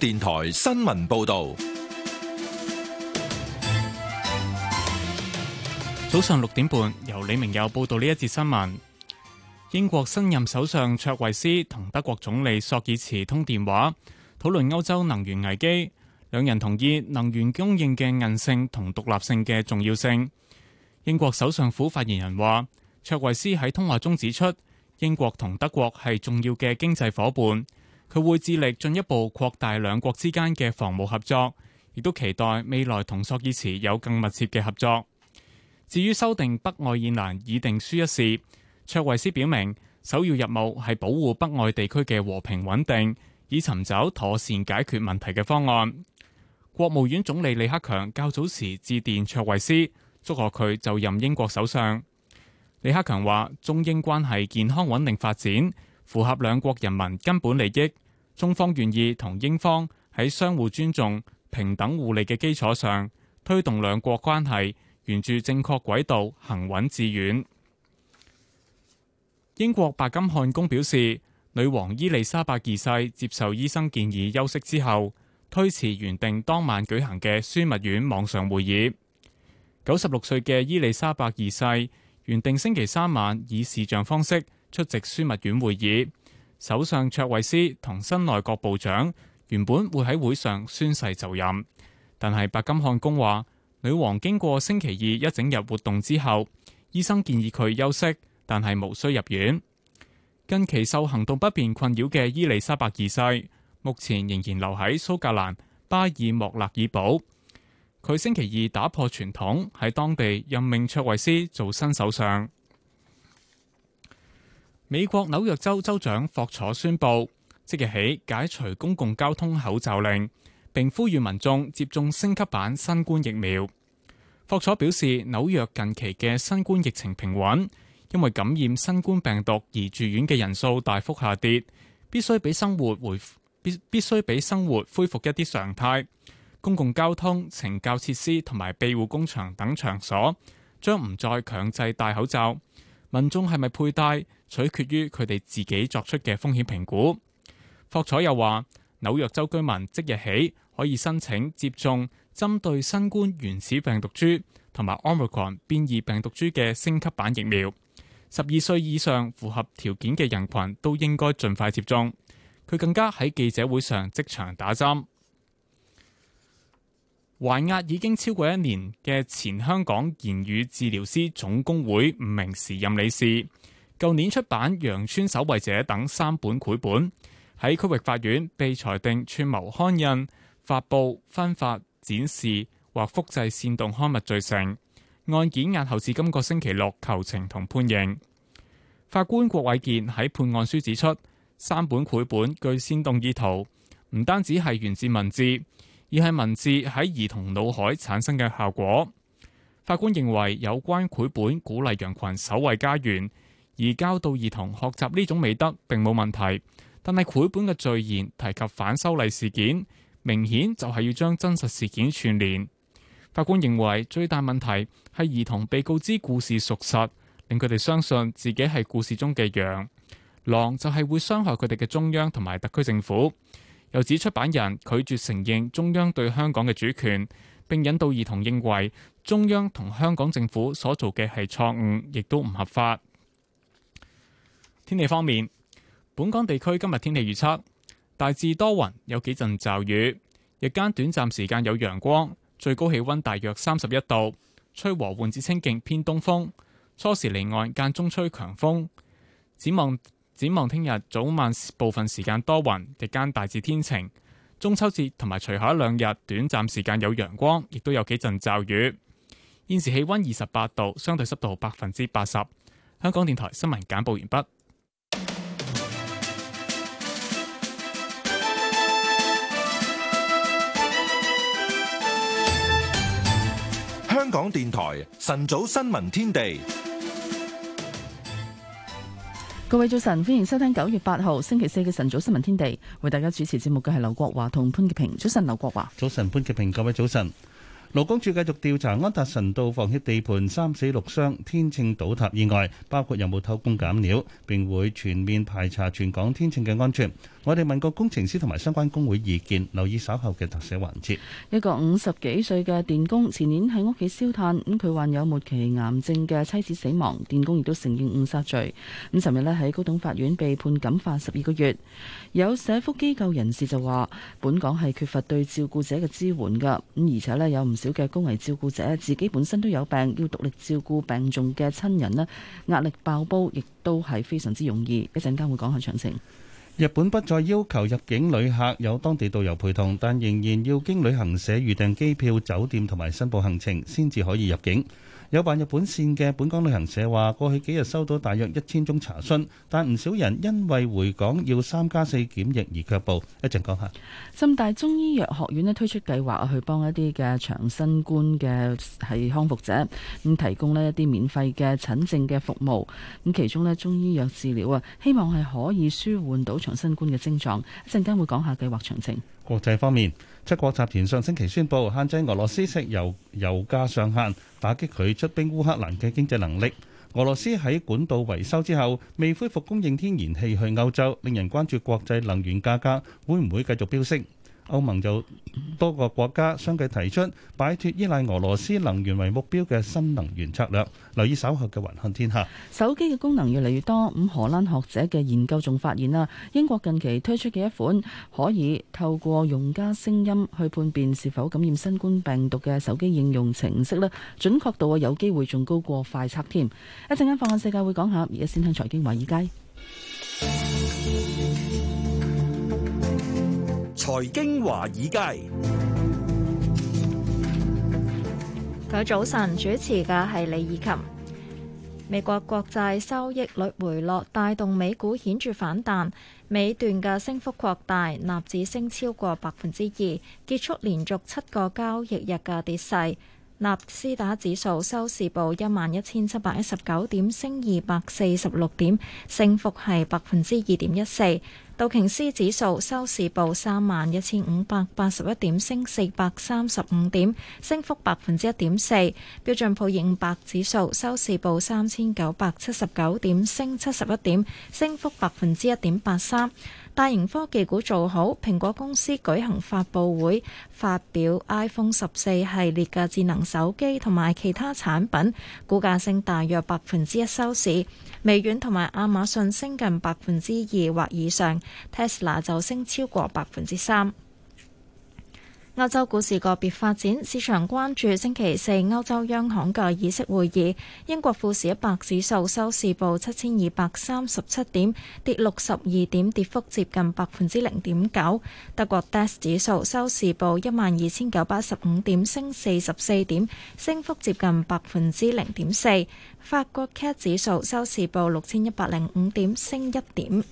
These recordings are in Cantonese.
電台新聞報道，早上六點半，由李明友報道呢一節新聞。英國新任首相卓維斯同德國總理索爾茨通電話，討論歐洲能源危機。兩人同意能源供應嘅韌性同獨立性嘅重要性。英國首相府發言人話，卓維斯喺通話中指出，英國同德國係重要嘅經濟夥伴。佢會致力進一步擴大兩國之間嘅防務合作，亦都期待未來同索爾茨有更密切嘅合作。至於修訂北愛爾蘭議定書一事，卓維斯表明首要任務係保護北愛地區嘅和平穩定，以尋找妥善解決問題嘅方案。國務院總理李克強較早時致電卓維斯，祝賀佢就任英國首相。李克強話：中英關係健康穩定發展。符合兩國人民根本利益，中方願意同英方喺相互尊重、平等互利嘅基礎上推動兩國關係沿住正確軌道行穩致遠。英國白金漢宮表示，女王伊麗莎白二世接受醫生建議休息之後，推遲原定當晚舉行嘅樞密院網上會議。九十六歲嘅伊麗莎白二世原定星期三晚以視像方式出席樞密院會議，首相卓惠斯同新內閣部長原本會喺會上宣誓就任，但係白金漢宮話，女王經過星期二一整日活動之後，醫生建議佢休息，但係無需入院。近期受行動不便困擾嘅伊麗莎白二世，目前仍然留喺蘇格蘭巴爾莫勒爾堡。佢星期二打破傳統，喺當地任命卓惠斯做新首相。美國紐約州州長霍楚宣布，即日起解除公共交通口罩令，並呼籲民眾接種升級版新冠疫苗。霍楚表示，紐約近期嘅新冠疫情平穩，因為感染新冠病毒而住院嘅人數大幅下跌，必須俾生活回必必須俾生活恢復一啲常態。公共交通、懲教設施同埋庇護工場等場所將唔再強制戴口罩，民眾係咪佩戴，取決於佢哋自己作出嘅風險評估。霍彩又話：紐約州居民即日起可以申請接種針對新冠原始病毒株同埋奧密克變異病毒株嘅升級版疫苗。十二歲以上符合條件嘅人群都應該盡快接種。佢更加喺記者會上即場打針，還押已經超過一年嘅前香港言語治療師總工會五名時任理事。舊年出版《羊村守衛者》等三本繪本，喺區域法院被裁定串謀刊印、發佈、分發、展示或複製煽動刊物罪成。案件押後至今個星期六求情同判刑。法官郭偉健喺判案書指出，三本繪本具煽動意圖，唔單止係源自文字，而係文字喺兒童腦海產生嘅效果。法官認為有關繪本鼓勵羊群守衛家園。而教到兒童學習呢種美德並冇問題，但係繪本嘅序言提及反修例事件，明顯就係要將真實事件串連。法官認為最大問題係兒童被告知故事屬實，令佢哋相信自己係故事中嘅羊狼，就係會傷害佢哋嘅中央同埋特區政府。又指出版人拒絕承認中央對香港嘅主權，並引導兒童認為中央同香港政府所做嘅係錯誤，亦都唔合法。天氣方面，本港地區今日天氣預測大致多雲，有幾陣驟雨。日間短暫時間有陽光，最高氣溫大約三十一度，吹和緩至清勁偏東風。初時離岸間中吹強風。展望，展望，聽日早晚部分時間多雲，日間大致天晴。中秋節同埋隨後一兩日短暫時間有陽光，亦都有幾陣驟雨。現時氣溫二十八度，相對濕度百分之八十。香港電台新聞簡報完畢。香港電台晨早新聞天地，各位早晨，歡迎收聽九月八號星期四嘅晨早新聞天地。為大家主持節目嘅係劉國華同潘潔平。早晨，劉國華。早晨，潘潔平。各位早晨。勞工處繼續調查安達臣道房協地盤三死六傷天秤倒塌意外，包括有冇偷工減料，並會全面排查全港天秤嘅安全。我哋問過工程師同埋相關工會意見，留意稍後嘅特寫環節。一個五十幾歲嘅電工前年喺屋企燒炭，咁佢患有末期癌症嘅妻子死亡，電工亦都承認誤殺罪。咁尋日咧喺高等法院被判感化十二個月。有社福機構人士就話，本港係缺乏對照顧者嘅支援噶，咁而且咧有唔少嘅高危照顧者自己本身都有病，要獨立照顧病重嘅親人咧，壓力爆煲，亦都係非常之容易。一陣間會講下詳情。日本不再要求入境旅客有當地導遊陪同，但仍然要經旅行社預訂機票、酒店同埋申報行程，先至可以入境。有辦日本線嘅本港旅行社話，過去幾日收到大約一千宗查詢，但唔少人因為回港要三加四檢疫而卻步。一陣講下，浸大中醫藥學院呢推出計劃去幫一啲嘅長新冠嘅係康復者，咁提供呢一啲免費嘅診症嘅服務，咁其中呢中醫藥治療啊，希望係可以舒緩到長新冠嘅症狀。會會一陣間會講下計劃詳情。國際方面，七國集團上星期宣布限制俄羅斯石油油價上限，打擊佢出兵烏克蘭嘅經濟能力。俄羅斯喺管道維修之後未恢復供應天然氣去歐洲，令人關注國際能源價格會唔會繼續飆升。歐盟就多個國家相繼提出擺脱依賴俄羅斯能源為目標嘅新能源策略。留意稍後嘅寰宇天下。手機嘅功能越嚟越多，咁荷蘭學者嘅研究仲發現啦，英國近期推出嘅一款可以透過用家聲音去判別是否感染新冠病毒嘅手機應用程式咧，準確度啊有機會仲高過快測添。一陣間放眼世界會講下，而家先聽財經華爾街。財經華爾街，佢早晨主持嘅係李怡琴。美國國債收益率回落，帶動美股顯著反彈，尾段嘅升幅擴大，納指升超過百分之二，結束連續七個交易日嘅跌勢。納斯達克指數收市報一萬一千七百一十九點，升二百四十六點，升幅係百分之二點一四。道瓊斯指數收市報三萬一千五百八十一點，升四百三十五點，升幅百分之一點四。標準普爾五百指數收市報三千九百七十九點，升七十一點，升幅百分之一點八三。大型科技股做好，蘋果公司舉行發佈會，發表 iPhone 十四系列嘅智能手機同埋其他產品，股價升大約百分之一收市。微軟同埋亞馬遜升近百分之二或以上，Tesla 就升超過百分之三。歐洲股市個別發展，市場關注星期四歐洲央行嘅議息會議。英國富時一百指數收市報七千二百三十七點，跌六十二點，跌幅接近百分之零點九。德國 DAX 指數收市報一萬二千九百八十五點，升四十四點，升幅接近百分之零點四。法國 CAC 指數收市報六千一百零五點，升一點。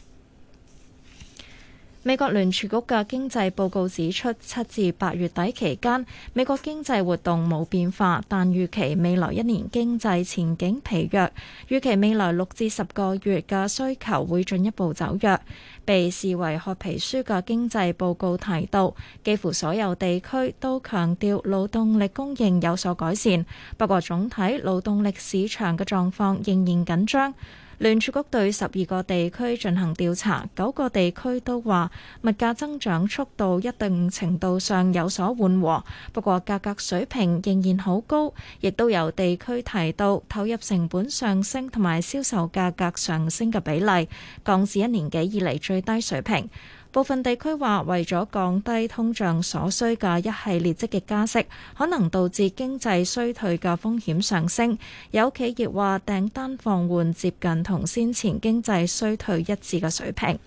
美國聯儲局嘅經濟報告指出，七至八月底期間，美國經濟活動冇變化，但預期未來一年經濟前景疲弱，預期未來六至十個月嘅需求會進一步走弱。被視為褐皮書嘅經濟報告提到，幾乎所有地區都強調勞動力供應有所改善，不過總體勞動力市場嘅狀況仍然緊張。聯儲局對十二個地區進行調查，九個地區都話物價增長速度一定程度上有所緩和，不過價格水平仍然好高，亦都有地區提到投入成本上升同埋銷售價格上升嘅比例降至一年幾以嚟最低水平。部分地區話，為咗降低通脹所需嘅一系列積極加息，可能導致經濟衰退嘅風險上升。有企業話訂單放緩接近同先前經濟衰退一致嘅水平。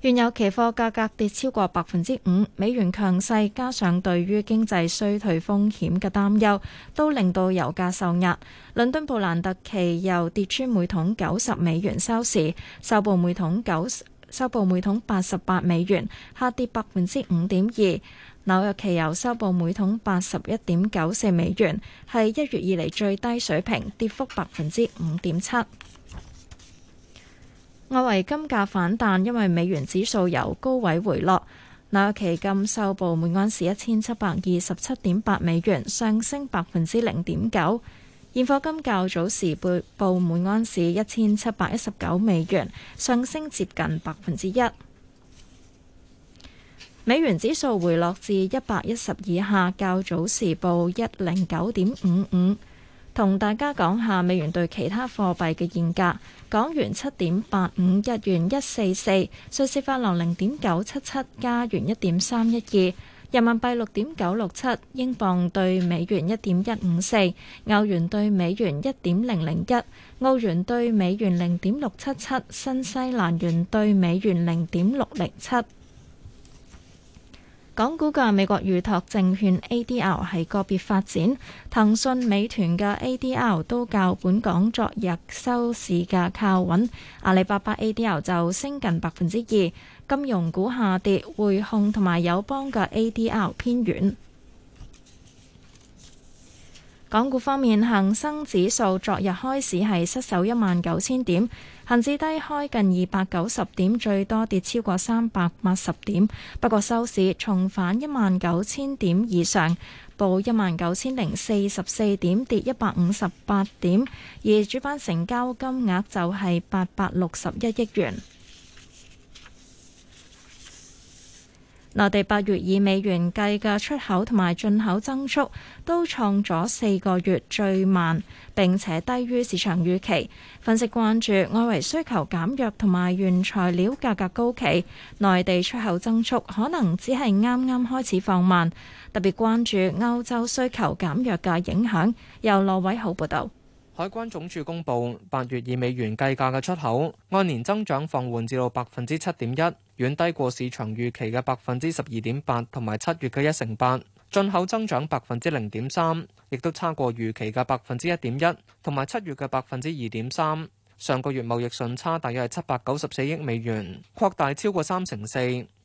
原油期貨價格跌超過百分之五，美元強勢加上對於經濟衰退風險嘅擔憂，都令到油價受壓。倫敦布蘭特期油跌穿每桶九十美元收市，收報每桶九。收報每桶八十八美元，下跌百分之五點二。紐約期油收報每桶八十一點九四美元，係一月以嚟最低水平，跌幅百分之五點七。外圍金價反彈，因為美元指數由高位回落。紐約期金收報每安士一千七百二十七點八美元，上升百分之零點九。現貨金較早時報每安士一千七百一十九美元，上升接近百分之一。美元指數回落至一百一十以下，較早時報一零九點五五。同大家講下美元對其他貨幣嘅現價：港元七點八五，日元一四四，瑞士法郎零點九七七，加元一點三一二。人民幣六點九六七，英鎊對美元一點一五四，歐元對美元一點零零一，澳元對美元零點六七七，新西蘭元對美元零點六零七。港股嘅美國預託證券 ADL 係個別發展，騰訊、美團嘅 ADL 都較本港昨日收市價靠穩，阿里巴巴 ADL 就升近百分之二。金融股下跌，匯控同埋友邦嘅 ADR 偏軟。港股方面，恒生指數昨日開始係失守一萬九千點，恒指低開近二百九十點，最多跌超過三百八十點。不過收市重返一萬九千點以上，報一萬九千零四十四點，跌一百五十八點。而主板成交金額就係八百六十一億元。內地八月以美元計嘅出口同埋進口增速都創咗四個月最慢，並且低於市場預期。分析關注外圍需求減弱同埋原材料價格高企，內地出口增速可能只係啱啱開始放慢。特別關注歐洲需求減弱嘅影響。由羅偉浩報道。海關總署公佈八月以美元計價嘅出口按年增長放緩至到百分之七點一。遠低過市場預期嘅百分之十二點八，同埋七月嘅一成八。進口增長百分之零點三，亦都差過預期嘅百分之一點一，同埋七月嘅百分之二點三。上個月貿易順差大約係七百九十四億美元，擴大超過三成四，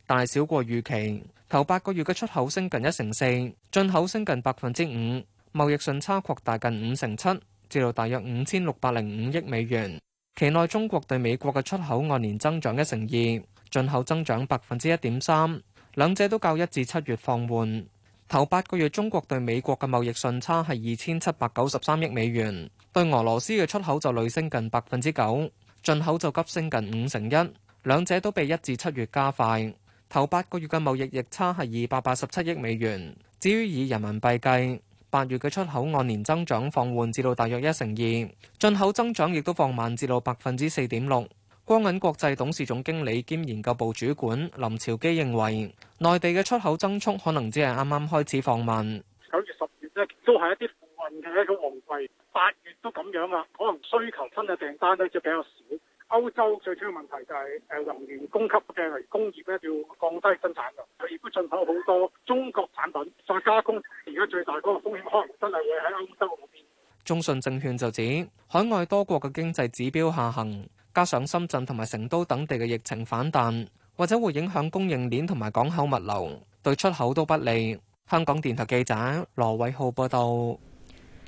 大少過預期。頭八個月嘅出口升近一成四，進口升近百分之五，貿易順差擴大近五成七，至到大約五千六百零五億美元。期內中國對美國嘅出口按年增長一成二。進口增長百分之一點三，兩者都較一至七月放緩。頭八個月，中國對美國嘅貿易順差係二千七百九十三億美元，對俄羅斯嘅出口就累升近百分之九，進口就急升近五成一，兩者都被一至七月加快。頭八個月嘅貿易逆差係二百八十七億美元。至於以人民幣計，八月嘅出口按年增長放緩至到大約一成二，進口增長亦都放慢至到百分之四點六。光銀國際董事總經理兼研究部主管林朝基認為，內地嘅出口增速可能只係啱啱開始放慢。九月、十月咧都係一啲負運嘅一個旺季，八月都咁樣啊，可能需求新嘅訂單咧就比較少。歐洲最主要問題就係，誒能源供給嘅工業咧要降低生產嘅，佢亦都進口好多中國產品再加工，而家最大嗰個風險可能真係會喺歐洲嗰邊。中信證券就指，海外多國嘅經濟指標下行。加上深圳同埋成都等地嘅疫情反彈，或者會影響供應鏈同埋港口物流，對出口都不利。香港電台記者羅偉浩報道。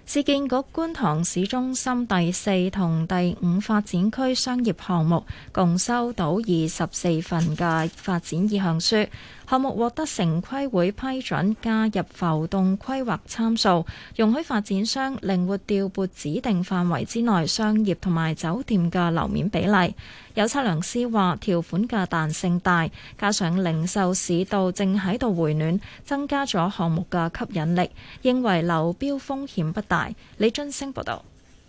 市建局觀塘市中心第四同第五發展區商業項目共收到二十四份嘅發展意向書。項目獲得城規會批准加入浮動規劃參數，容許發展商靈活調撥指定範圍之內商業同埋酒店嘅樓面比例。有測量師話條款嘅彈性大，加上零售市道正喺度回暖，增加咗項目嘅吸引力，認為流標風險不大。李津升報道。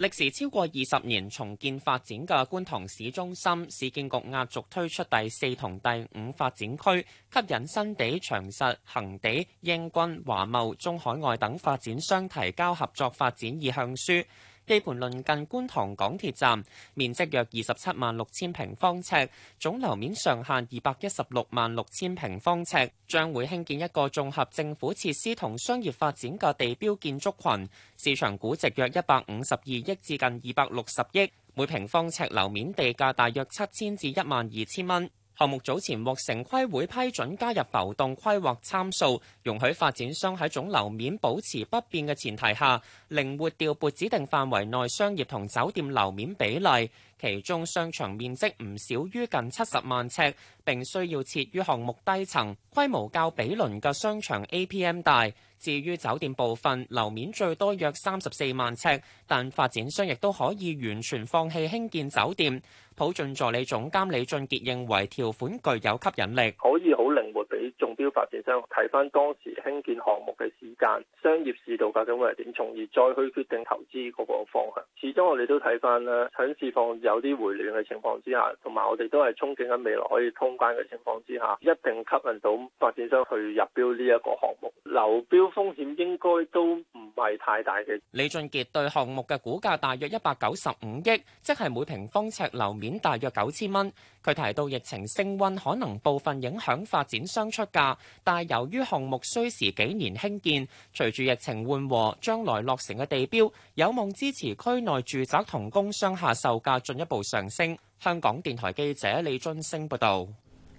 歷時超過二十年重建發展嘅觀塘市中心，市建局壓軸推出第四同第五發展區，吸引新地、長實、恒地、英軍、華茂、中海外等發展商提交合作發展意向書。地盤鄰近觀塘港鐵站，面積約二十七萬六千平方尺，總樓面上限二百一十六萬六千平方尺，將會興建一個綜合政府設施同商業發展嘅地標建築群。市場估值約一百五十二億至近二百六十億，每平方尺樓面地價大約七千至一萬二千蚊。項目早前獲城規會批准加入浮動規劃參數，容許發展商喺總樓面保持不變嘅前提下，靈活調撥指定範圍內商業同酒店樓面比例，其中商場面積唔少於近七十萬尺，並需要設於項目低層，規模較比鄰嘅商場 APM 大。至於酒店部分樓面最多約三十四萬尺，但發展商亦都可以完全放棄興建酒店。普晉助理總監李俊杰認為條款具有吸引力，可以好靈活。你中標發展商睇翻當時興建項目嘅時間、商業市道究竟會係點，從而再去決定投資嗰個方向。始終我哋都睇翻啦，喺市況有啲回暖嘅情況之下，同埋我哋都係憧憬緊未來可以通關嘅情況之下，一定吸引到發展商去入標呢一個項目。流標風險應該都唔係太大嘅。李俊杰對項目嘅估價大約一百九十五億，即係每平方尺樓面大約九千蚊。佢提到疫情升溫可能部分影響發展商出價，但係由於項目需時幾年興建，隨住疫情緩和，將來落成嘅地標有望支持區內住宅同工商廈售價進一步上升。香港電台記者李津升報道。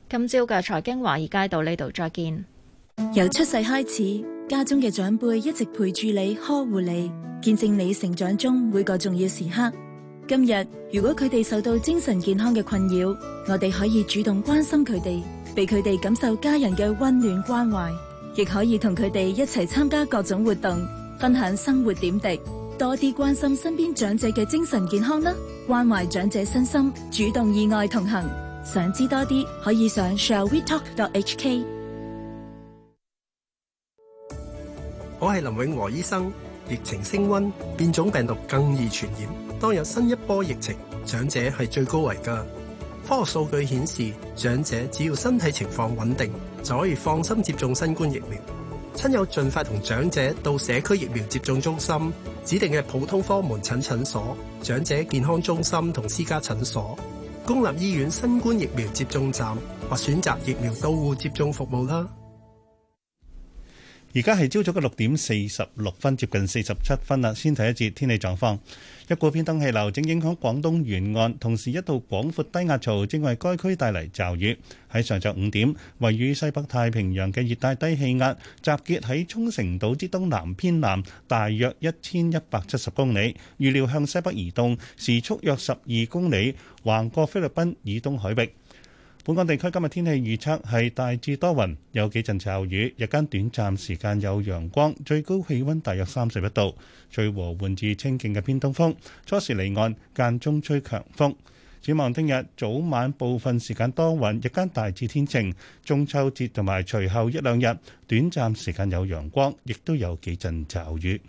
今朝嘅財經華爾街到呢度再見。由出世開始，家中嘅長輩一直陪住你，呵護你，見證你成長中每個重要時刻。今日如果佢哋受到精神健康嘅困擾，我哋可以主動關心佢哋，俾佢哋感受家人嘅溫暖關懷，亦可以同佢哋一齊參加各種活動，分享生活點滴，多啲關心身邊長者嘅精神健康啦！關懷長者身心，主動意外同行。想知多啲，可以上 Shall We Talk dot H K。我係林永和醫生，疫情升溫，變種病毒更易傳染。當有新一波疫情，長者係最高危㗎。科學數據顯示，長者只要身體情況穩定，就可以放心接種新冠疫苗。親友盡快同長者到社區疫苗接種中心、指定嘅普通科門診診所、長者健康中心同私家診所、公立醫院新冠疫苗接種站或選擇疫苗到戶接種服務啦。而家係朝早嘅六點四十六分，接近四十七分啦。先睇一節天氣狀況。一股偏東氣流正影響廣東沿岸，同時一道廣闊低壓槽正為該區帶嚟驟雨。喺上晝五點，位於西北太平洋嘅熱帶低氣壓集結喺沖繩島之東南偏南大約一千一百七十公里，預料向西北移動，時速約十二公里，橫過菲律賓以東海域。本港地區今日天，天氣預測係大致多雲，有幾陣驟雨，日間短暫時間有陽光，最高氣温大約三十一度，隨和緩至清勁嘅偏東風，初時離岸，間中吹強風。展望聽日早晚部分時間多雲，日間大致天晴，中秋節同埋隨後一兩日短暫時間有陽光，亦都有幾陣驟雨。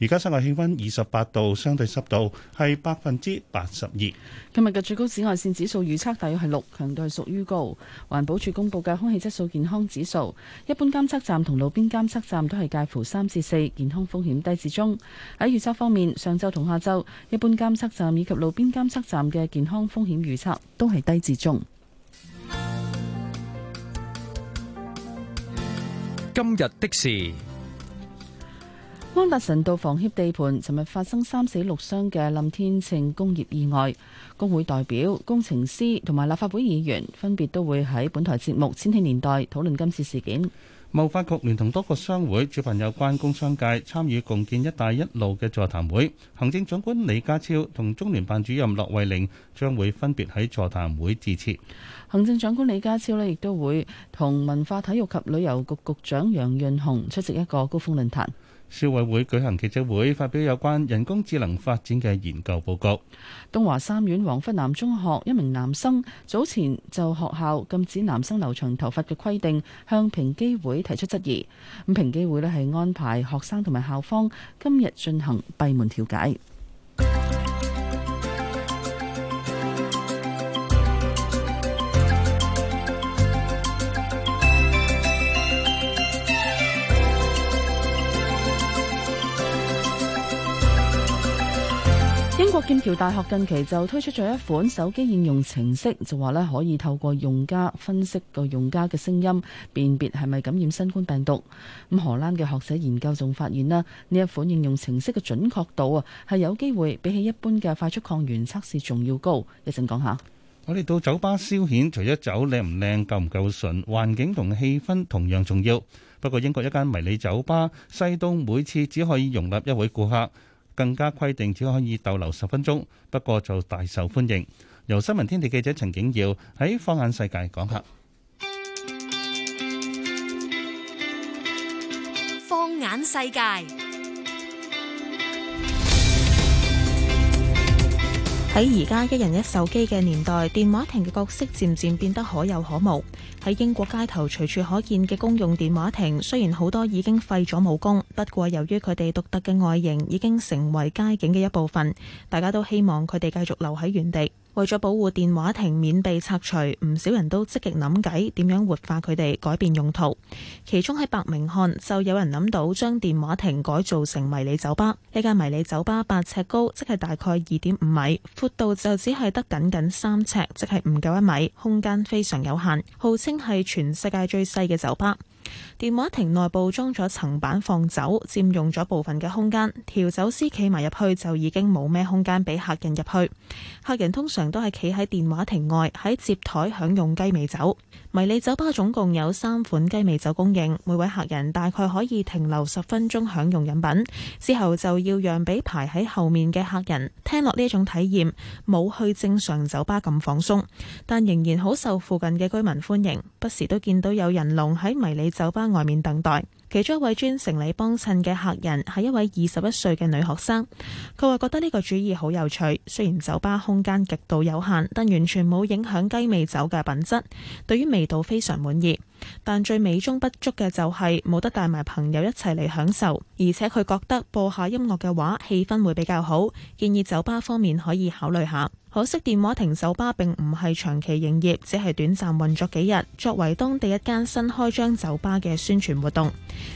而家室外氣溫二十八度，相對濕度係百分之八十二。今日嘅最高紫外線指數預測大約係六，強度係屬於高。環保署公布嘅空氣質素健康指數，一般監測站同路邊監測站都係介乎三至四，健康風險低至中。喺預測方面，上晝同下晝，一般監測站以及路邊監測站嘅健康風險預測都係低至中。今日的事。安達臣道房協地盤，尋日發生三死六傷嘅冧天秤工業意外。工會代表、工程師同埋立法會議員分別都會喺本台節目《千禧年代》討論今次事件。貿發局聯同多個商會舉辦有關工商界參與共建“一帶一路”嘅座談會。行政長官李家超同中聯辦主任駱惠寧將會分別喺座談會致辭。行政長官李家超呢亦都會同文化體育及旅遊局局長楊潤雄出席一個高峰論壇。消委會舉行記者會，發表有關人工智能發展嘅研究報告。東華三院黃笏南中學一名男生早前就學校禁止男生留長頭髮嘅規定，向平機會提出質疑。咁平機會呢係安排學生同埋校方今日進行閉門調解。劍橋大學近期就推出咗一款手機應用程式，就話咧，可以透過用家分析個用家嘅聲音，辨別係咪感染新冠病毒。咁荷蘭嘅學者研究仲發現啦，呢一款應用程式嘅準確度啊，係有機會比起一般嘅快速抗原測試仲要高。一陣講下，我哋到酒吧消遣，除咗酒靚唔靚、夠唔夠純，環境同氣氛同樣重要。不過，英國一間迷你酒吧，西東每次只可以容納一位顧客。更加規定只可以逗留十分鐘，不過就大受歡迎。由新聞天地記者陳景耀喺《放眼世界》講下。《放眼世界》。喺而家一人一手機嘅年代，電話亭嘅角色漸漸變得可有可無。喺英國街頭隨處可見嘅公用電話亭，雖然好多已經廢咗武功，不過由於佢哋獨特嘅外形已經成為街景嘅一部分，大家都希望佢哋繼續留喺原地。為咗保護電話亭免被拆除，唔少人都積極諗計點樣活化佢哋，改變用途。其中喺伯明翰就有人諗到將電話亭改造成迷你酒吧。呢間迷你酒吧八尺高，即係大概二點五米，闊度就只係得僅僅三尺，即係唔夠一米，空間非常有限，號稱係全世界最細嘅酒吧。電話亭內部裝咗層板放酒，佔用咗部分嘅空間。調酒師企埋入去，就已經冇咩空間俾客人入去。客人通常都係企喺電話亭外，喺接台享用雞尾酒。迷你酒吧總共有三款雞尾酒供應，每位客人大概可以停留十分鐘享用飲品，之後就要讓俾排喺後面嘅客人。聽落呢種體驗，冇去正常酒吧咁放鬆，但仍然好受附近嘅居民歡迎，不時都見到有人龍喺迷你酒吧外面等待。其中一位專誠嚟幫襯嘅客人係一位二十一歲嘅女學生，佢話覺得呢個主意好有趣。雖然酒吧空間極度有限，但完全冇影響雞尾酒嘅品質，對於味道非常滿意。但最美中不足嘅就係冇得帶埋朋友一齊嚟享受，而且佢覺得播下音樂嘅話，氣氛會比較好，建議酒吧方面可以考慮下。可惜電話亭酒吧並唔係長期營業，只係短暫運作幾日，作為當地一間新開張酒吧嘅宣傳活動。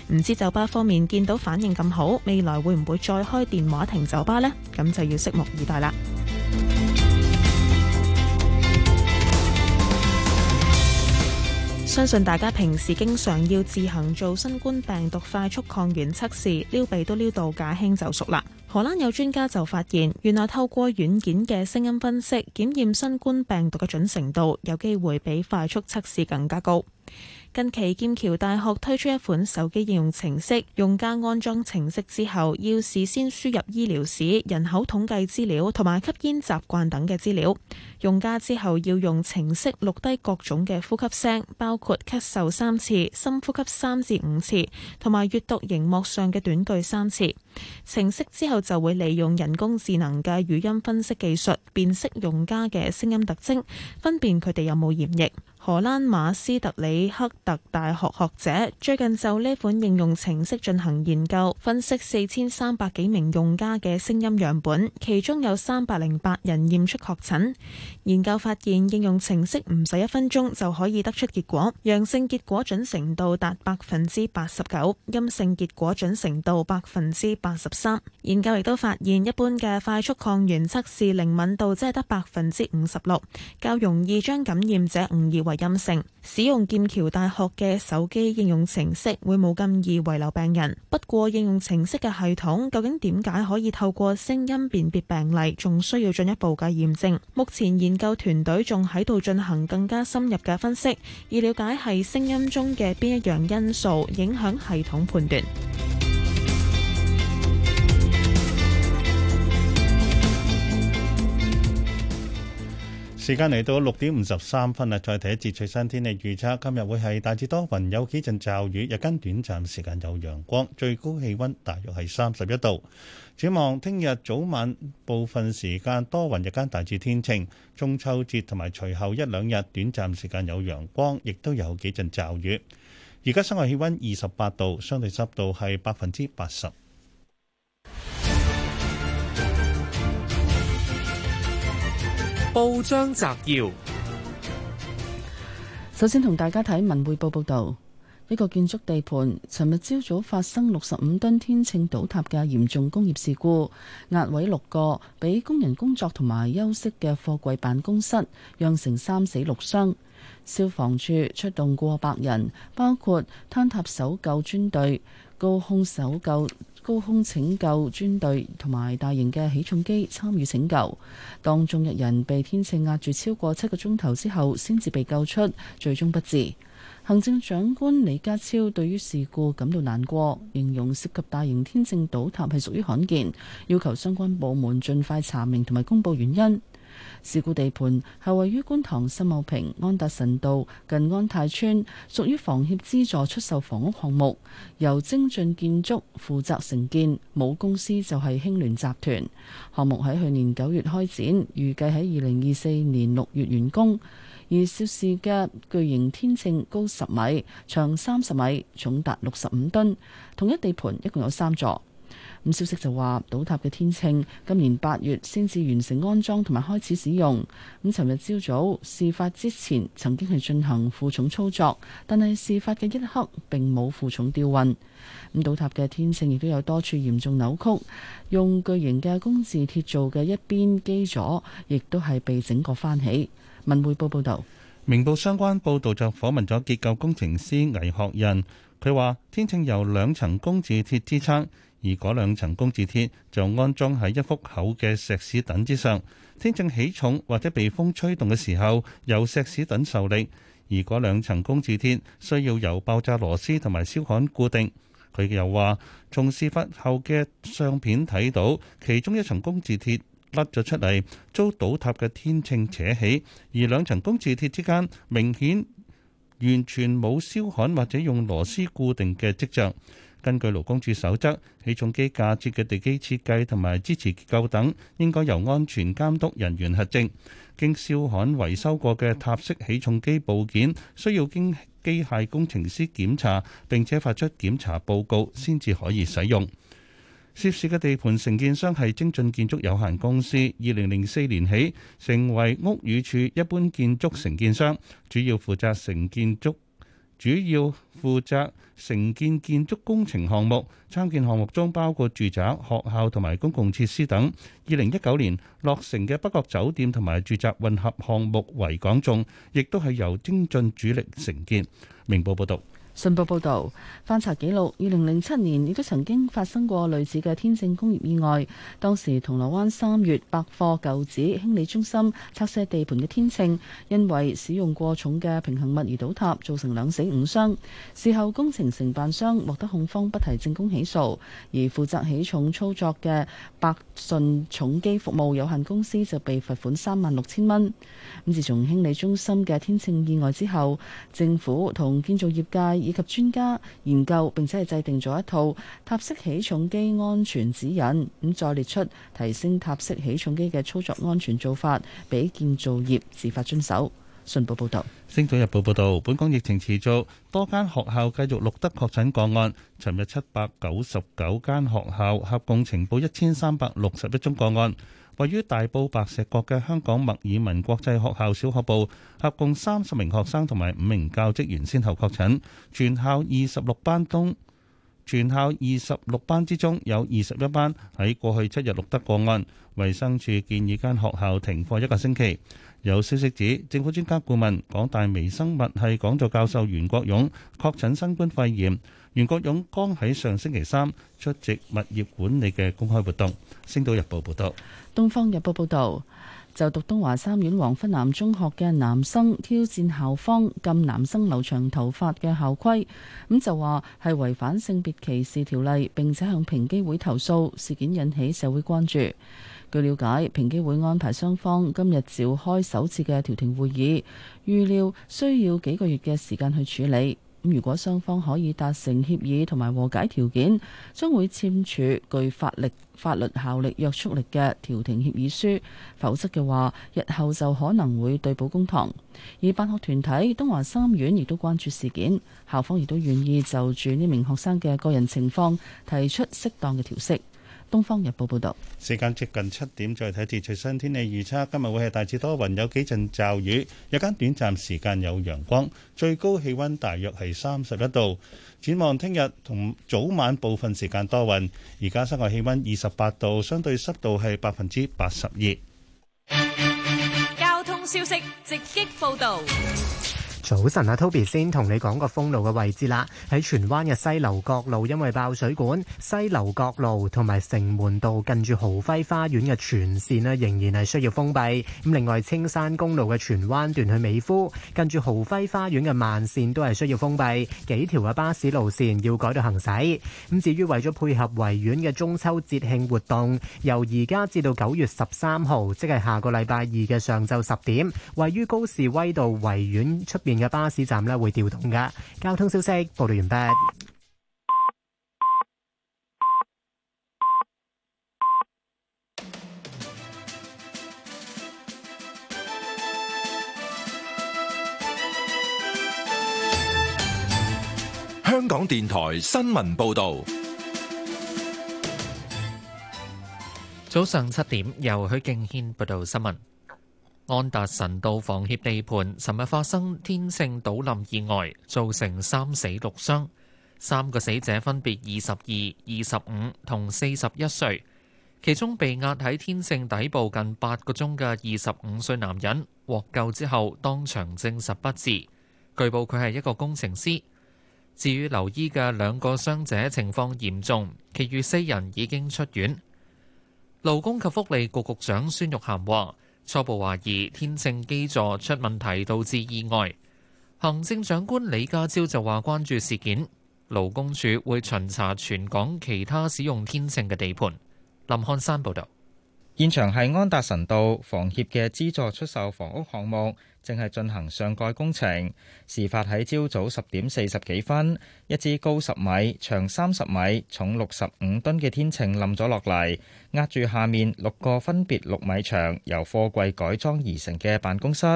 唔知酒吧方面見到反應咁好，未來會唔會再開電話亭酒吧呢？咁就要拭目以待啦。相信大家平時經常要自行做新冠病毒快速抗原測試，撩鼻，都撩到駕輕就熟啦。荷蘭有專家就發現，原來透過軟件嘅聲音分析，檢驗新冠病毒嘅準程度，有機會比快速測試更加高。近期劍橋大學推出一款手機應用程式，用家安裝程式之後，要事先輸入醫療史、人口統計資料同埋吸煙習慣等嘅資料。用家之後要用程式錄低各種嘅呼吸聲，包括咳嗽三次、深呼吸三至五次，同埋閱讀熒幕上嘅短句三次。程式之後就會利用人工智能嘅語音分析技術辨識用家嘅聲音特徵，分辨佢哋有冇染疫。荷蘭馬斯特里克特大學學者最近就呢款應用程式進行研究，分析四千三百幾名用家嘅聲音樣本，其中有三百零八人驗出確診。研究發現，應用程式唔使一分鐘就可以得出結果，陽性結果準成度達百分之八十九，陰性結果準成度百分之八十三。研究亦都發現，一般嘅快速抗原測試靈敏度只係得百分之五十六，較容易將感染者誤以為陰性。使用劍橋大學嘅手機應用程式會冇咁易遺留病人。不過，應用程式嘅系統究竟點解可以透過聲音辨別病例，仲需要進一步嘅驗證。目前，研究團隊仲喺度進行更加深入嘅分析，以了解係聲音中嘅邊一樣因素影響系統判斷。時間嚟到六點五十三分啦，再睇一節最新天氣預測。今日會係大致多雲，有幾陣驟雨，日間短暫時間有陽光，最高氣溫大約係三十一度。展望聽日早晚部分時間多雲，日間大致天晴。中秋節同埋隨後一兩日短暫時間有陽光，亦都有幾陣驟雨。而家室外氣溫二十八度，相對濕度係百分之八十。報章摘要：首先同大家睇文匯報報道，一個建築地盤尋日朝早發生六十五噸天秤倒塌嘅嚴重工業事故，壓毀六個俾工人工作同埋休息嘅貨櫃辦公室，釀成三死六傷。消防處出動過百人，包括坍塌搜救專隊、高空搜救，高空拯救專隊同埋大型嘅起重機參與拯救，當中一人被天秤壓住超過七個鐘頭之後，先至被救出，最終不治。行政長官李家超對於事故感到難過，形容涉及大型天秤倒塌係屬於罕見，要求相關部門盡快查明同埋公布原因。事故地盤係位於觀塘新茂平安達臣道近安泰邨，屬於房協資助出售房屋項目，由精進建築負責承建，母公司就係興聯集團。項目喺去年九月開展，預計喺二零二四年六月完工。而涉事嘅巨型天秤高十米，長三十米，重達六十五噸。同一地盤一共有三座。咁消息就話，倒塌嘅天秤今年八月先至完成安裝同埋開始使用。咁，尋日朝早事發之前曾經係進行負重操作，但係事發嘅一刻並冇負重吊運。咁倒塌嘅天秤亦都有多處嚴重扭曲，用巨型嘅工字鐵做嘅一邊基座亦都係被整個翻起。文匯報報道，明報相關報道就訪問咗結構工程師魏學仁，佢話天秤由兩層工字鐵支撐。而嗰兩層工字鐵就安裝喺一幅厚嘅石屎墩之上。天秤起重或者被風吹動嘅時候，由石屎墩受力，而嗰兩層工字鐵需要由爆炸螺絲同埋燒焊固定。佢又話，從事發後嘅相片睇到，其中一層工字鐵甩咗出嚟，遭倒塌嘅天秤扯起，而兩層工字鐵之間明顯完全冇燒焊或者用螺絲固定嘅跡象。根據勞工處守則，起重機架設嘅地基設計同埋支持結構等，應該由安全監督人員核證。經燒焊維修過嘅塔式起重機部件，需要經機械工程師檢查並且發出檢查報告，先至可以使用。涉事嘅地盤承建商係精進建築有限公司，二零零四年起成為屋宇署一般建築承建商，主要負責承建築。主要負責承建建築工程項目，參建項目中包括住宅、學校同埋公共設施等。二零一九年落成嘅北角酒店同埋住宅混合項目維港頌，亦都係由精進主力承建。明報報導。信報報導，翻查記錄，二零零七年亦都曾經發生過類似嘅天秤工業意外。當時銅鑼灣三月百貨舊址興利中心拆卸地盤嘅天秤，因為使用過重嘅平衡物而倒塌，造成兩死五傷。事後工程承辦商獲得控方不提證供起訴，而負責起重操作嘅百順重機服務有限公司就被罰款三萬六千蚊。咁自從興利中心嘅天秤意外之後，政府同建造業界，以及專家研究並且係制定咗一套塔式起重機安全指引，咁再列出提升塔式起重機嘅操作安全做法，俾建造業自發遵守。信報報導，《星島日報》報道，本港疫情持續，多間學校繼續錄得確診個案。尋日七百九十九間學校合共呈報一千三百六十一宗個案。位於大埔白石角嘅香港墨爾文國際學校小學部，合共三十名學生同埋五名教職員先後確診。全校二十六班中，全校二十六班之中有二十一班喺過去七日錄得個案。衛生署建議間學校停課一個星期。有消息指，政府專家顧問港大微生物系講座教授袁國勇確診新冠肺炎。袁國勇剛喺上星期三出席物業管理嘅公開活動。星島日報報道，東方日報報道就讀東華三院黃笏南中學嘅男生挑戰校方禁男生留長頭髮嘅校規，咁就話係違反性別歧視條例，並且向平機會投訴。事件引起社會關注。據了解，平機會安排雙方今日召開首次嘅調停會議，預料需要幾個月嘅時間去處理。咁如果雙方可以達成協議同埋和解條件，將會簽署具法律、法律效力、約束力嘅調停協議書。否則嘅話，日後就可能會對簿公堂。而辦學團體東華三院亦都關注事件，校方亦都願意就住呢名學生嘅個人情況提出適當嘅調適。《東方日報》報導，時間接近七點，再睇次最新天氣預測。今日會係大致多雲，有幾陣驟雨，日間短暫時間有陽光，最高氣温大約係三十一度。展望聽日同早晚部分時間多雲，而家室外氣温二十八度，相對濕度係百分之八十二。交通消息直擊報道。早晨阿，Toby 先同你講個封路嘅位置啦。喺荃灣嘅西樓角路，因為爆水管，西樓角路同埋城門道近住豪輝花園嘅全線咧，仍然係需要封閉。咁另外青山公路嘅荃灣段去美孚，近住豪輝花園嘅慢線都係需要封閉，幾條嘅巴士路線要改道行駛。咁至於為咗配合維園嘅中秋節慶活動，由而家至到九月十三號，即係下個禮拜二嘅上晝十點，位於高士威道維園出邊。嘅巴士站咧會調動。嘅交通消息報道完畢。香港電台新聞報道，早上七點由許敬軒報道新聞。安達臣道房協地盤尋日發生天秤倒冧意外，造成三死六傷。三個死者分別二十二、二十五同四十一歲，其中被壓喺天秤底部近八個鐘嘅二十五歲男人獲救之後當場證實不治，據報佢係一個工程師。至於留醫嘅兩個傷者情況嚴重，其餘四人已經出院。勞工及福利局局長孫玉菡話。初步懷疑天秤基座出問題導致意外。行政長官李家超就話關注事件，勞工處會巡查全港其他使用天秤嘅地盤。林漢山報導，現場係安達臣道房協嘅資助出售房屋項目。正係進行上蓋工程，事發喺朝早十點四十幾分，一支高十米、長三十米、重六十五噸嘅天秤冧咗落嚟，壓住下面六個分別六米長由貨櫃改裝而成嘅辦公室。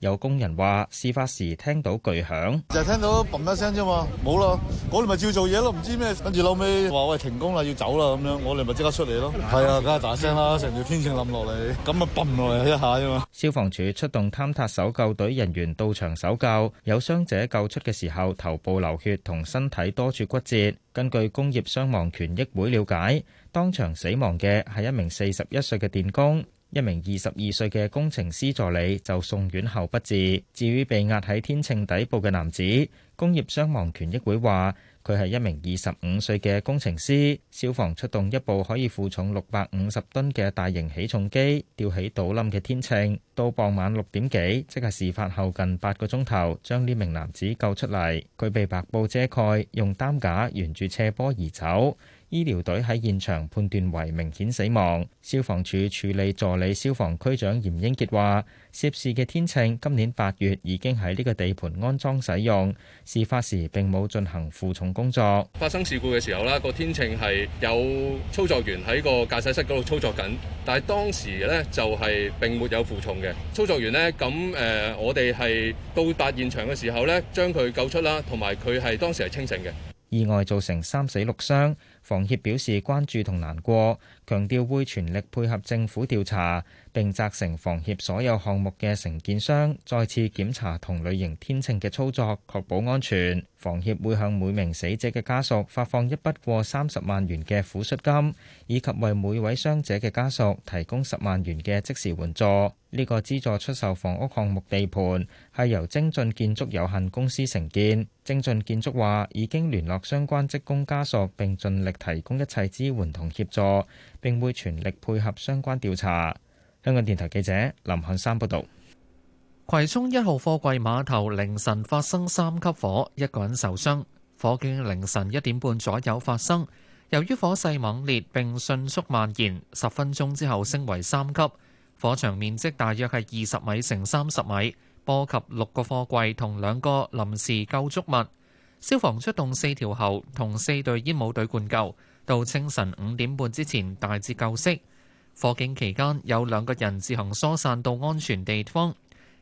有工人話：事發時聽到巨響，就聽到嘣一聲啫嘛，冇啦，我哋咪照做嘢咯，唔知咩跟住老尾話喂，停工啦，要走啦咁樣，我哋咪即刻出嚟咯。係啊，梗係大聲啦，成條天秤冧落嚟，咁咪嘣落嚟一下啫嘛。消防處出動坍塌手搜救隊人員到場搜救，有傷者救出嘅時候，頭部流血，同身體多處骨折。根據工業傷亡權益會了解，當場死亡嘅係一名四十一歲嘅電工，一名二十二歲嘅工程師助理就送院後不治。至於被壓喺天秤底部嘅男子，工業傷亡權益會話。佢係一名二十五歲嘅工程師。消防出動一部可以負重六百五十噸嘅大型起重機，吊起倒冧嘅天秤。到傍晚六點幾，即係事發後近八個鐘頭，將呢名男子救出嚟。佢被白布遮蓋，用擔架沿住斜坡移走。醫療隊喺現場判斷為明顯死亡。消防處處理助理消防區長嚴英傑話：涉事嘅天秤今年八月已經喺呢個地盤安裝使用，事發時並冇進行負重工作。發生事故嘅時候呢個天秤係有操作員喺個駕駛室嗰度操作緊，但係當時咧就係並沒有負重嘅操作員呢咁誒，我哋係到達現場嘅時候呢，將佢救出啦，同埋佢係當時係清醒嘅。意外造成三死六傷。房協表示關注同難過。強調會全力配合政府調查，並責成房協所有項目嘅承建商再次檢查同類型天秤嘅操作，確保安全。房協會向每名死者嘅家屬發放一筆過三十萬元嘅撫恤金，以及為每位傷者嘅家屬提供十萬元嘅即時援助。呢、這個資助出售房屋項目地盤係由精進建築有限公司承建。精進建築話已經聯絡相關職工家屬，並盡力提供一切支援同協助。並會全力配合相關調查。香港電台記者林漢山報導，葵涌一號貨櫃碼頭凌晨發生三級火，一個人受傷。火警凌晨一點半左右發生，由於火勢猛烈並迅速蔓延，十分鐘之後升為三級。火場面積大約係二十米乘三十米，波及六個貨櫃同兩個臨時構築物。消防出動四條喉同四隊煙霧隊灌救。到清晨五點半之前大致救熄。火警期間有兩個人自行疏散到安全地方，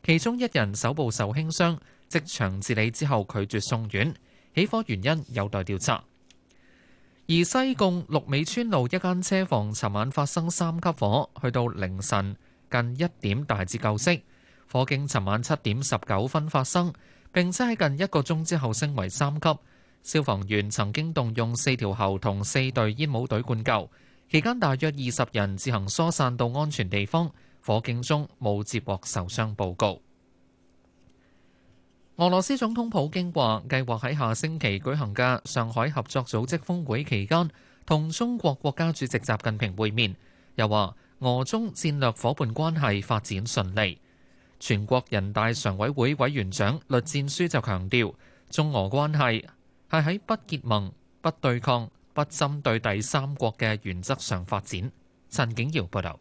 其中一人手部受輕傷，即場治理之後拒絕送院。起火原因有待調查。而西貢六尾村路一間車房尋晚發生三級火，去到凌晨近一點大致救熄。火警尋晚七點十九分發生，並且喺近一個鐘之後升為三級。消防員曾經動用四條喉同四隊煙帽隊灌救，期間大約二十人自行疏散到安全地方，火警中冇接獲受傷報告。俄羅斯總統普京話：計劃喺下星期舉行嘅上海合作組織峰會期間，同中國國家主席習近平會面，又話俄中戰略伙伴關係發展順利。全國人大常委會委員長栗戰書就強調中俄關係。係喺不結盟、不對抗、不針對第三國嘅原則上發展。陳景耀報道，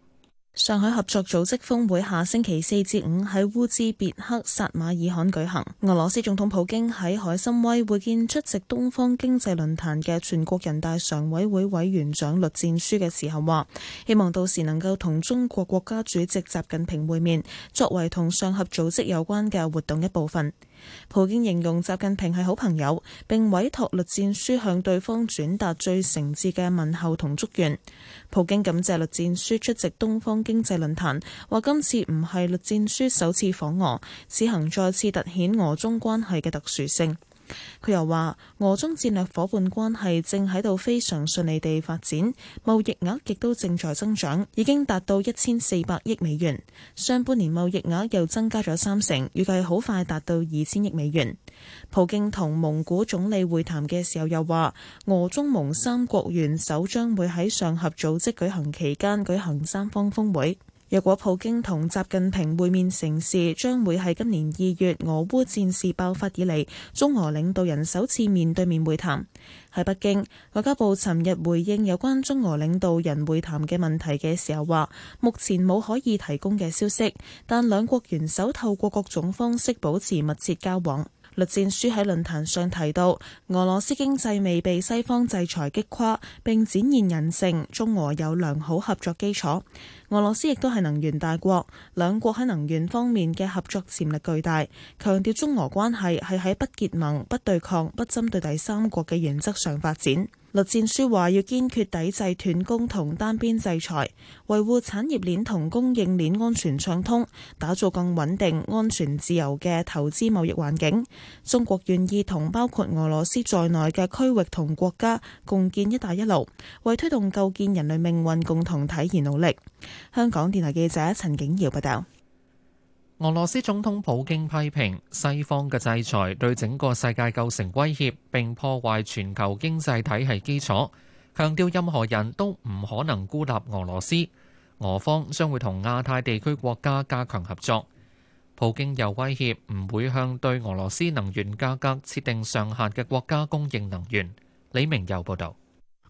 上海合作組織峰會下星期四至五喺烏茲別克薩馬爾罕舉行。俄羅斯總統普京喺海參崴會見出席東方經濟論壇嘅全國人大常委會委員長栗戰書嘅時候話：希望到時能夠同中國國家主席習近平會面，作為同上合組織有關嘅活動一部分。普京形容習近平係好朋友，並委託栗戰書向對方轉達最誠摯嘅問候同祝願。普京感謝栗戰書出席東方經濟論壇，話今次唔係栗戰書首次訪俄，此行再次突顯俄中關係嘅特殊性。佢又話：俄中戰略伙伴關係正喺度非常順利地發展，貿易額亦都正在增長，已經達到一千四百億美元。上半年貿易額又增加咗三成，預計好快達到二千億美元。普京同蒙古總理會談嘅時候又話：俄中蒙三國元首將會喺上合組織舉行期間舉行三方峰會。若果普京同習近平會面成事，將會係今年二月俄烏戰事爆發以嚟，中俄領導人首次面對面會談。喺北京外交部尋日回應有關中俄領導人會談嘅問題嘅時候話，目前冇可以提供嘅消息，但兩國元首透過各種方式保持密切交往。栗戰書喺論壇上提到，俄羅斯經濟未被西方制裁擊垮，並展現人性，中俄有良好合作基礎。俄羅斯亦都係能源大國，兩國喺能源方面嘅合作潛力巨大。強調中俄關係係喺不結盟、不對抗、不針對第三國嘅原則上發展。栗戰書話：要堅決抵制斷供同單邊制裁，維護產業鏈同供應鏈安全暢通，打造更穩定、安全、自由嘅投資貿易環境。中國願意同包括俄羅斯在內嘅區域同國家共建“一帶一路”，為推動構建人類命運共同體而努力。香港電台記者陳景瑤報道，俄羅斯總統普京批評西方嘅制裁對整個世界構成威脅，並破壞全球經濟體系基礎，強調任何人都唔可能孤立俄羅斯。俄方將會同亞太地區國家加強合作。普京又威脅唔會向對俄羅斯能源價格設定上限嘅國家供應能源。李明又報道。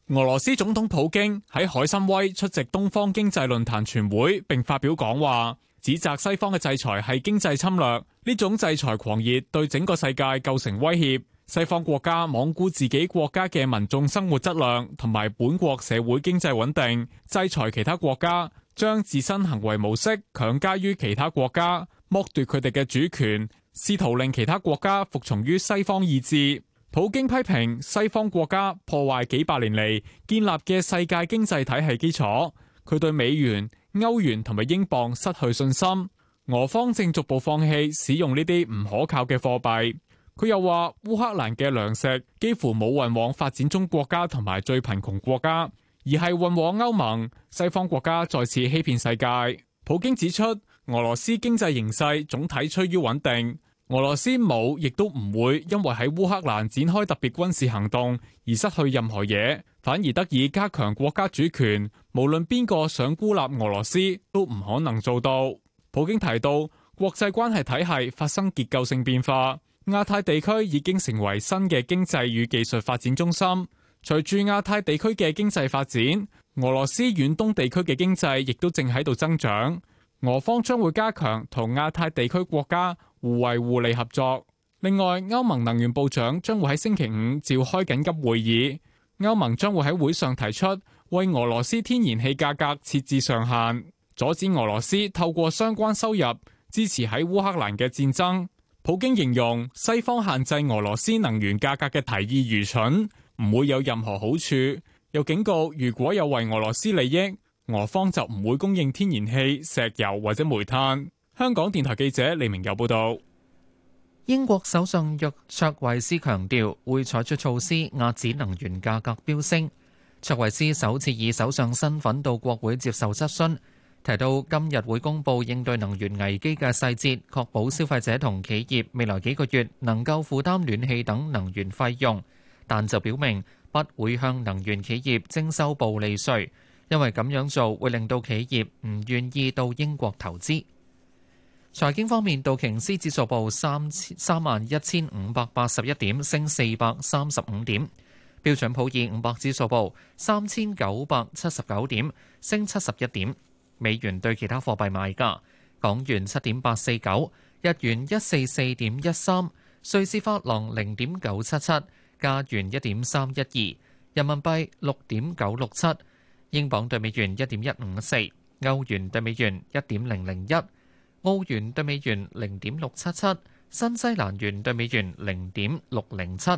俄羅斯總統普京喺海參崴出席東方經濟論壇全會，並發表講話，指責西方嘅制裁係經濟侵略，呢種制裁狂熱對整個世界構成威脅。西方國家罔顧自己國家嘅民眾生活質量同埋本國社會經濟穩定，制裁其他國家，將自身行為模式強加於其他國家，剝奪佢哋嘅主權，試圖令其他國家服從於西方意志。普京批評西方國家破壞幾百年嚟建立嘅世界經濟體系基礎，佢對美元、歐元同埋英鎊失去信心。俄方正逐步放棄使用呢啲唔可靠嘅貨幣。佢又話烏克蘭嘅糧食幾乎冇運往發展中國家同埋最貧窮國家，而係運往歐盟、西方國家，再次欺騙世界。普京指出，俄羅斯經濟形勢總體趨於穩定。俄羅斯冇，亦都唔會因為喺烏克蘭展開特別軍事行動而失去任何嘢，反而得以加強國家主權。無論邊個想孤立俄羅斯，都唔可能做到。普京提到，國際關係體系發生結構性變化，亞太地區已經成為新嘅經濟與技術發展中心。隨住亞太地區嘅經濟發展，俄羅斯遠東地區嘅經濟亦都正喺度增長。俄方將會加強同亞太地區國家。互惠互利合作。另外，歐盟能源部長將會喺星期五召開緊急會議，歐盟將會喺會上提出為俄羅斯天然氣價格設置上限，阻止俄羅斯透過相關收入支持喺烏克蘭嘅戰爭。普京形容西方限制俄羅斯能源價格嘅提議愚蠢，唔會有任何好處。又警告，如果有為俄羅斯利益，俄方就唔會供應天然氣、石油或者煤炭。香港電台記者李明友報道，英國首相約卓慧思強調會採取措施遏止能源價格飆升。卓慧思首次以首相身份到國會接受質詢，提到今日會公佈應對能源危機嘅細節，確保消費者同企業未來幾個月能夠負擔暖氣等能源費用。但就表明不會向能源企業徵收暴利稅，因為咁樣做會令到企業唔願意到英國投資。財經方面，道瓊斯指數報三萬一千五百八十一點，升四百三十五點。標準普爾五百指數報三千九百七十九點，升七十一點。美元對其他貨幣賣價：港元七點八四九，日元一四四點一三，瑞士法郎零點九七七，加元一點三一二，人民幣六點九六七，英鎊對美元一點一五四，歐元對美元一點零零一。澳元對美元零點六七七，新西蘭元對美元零點六零七，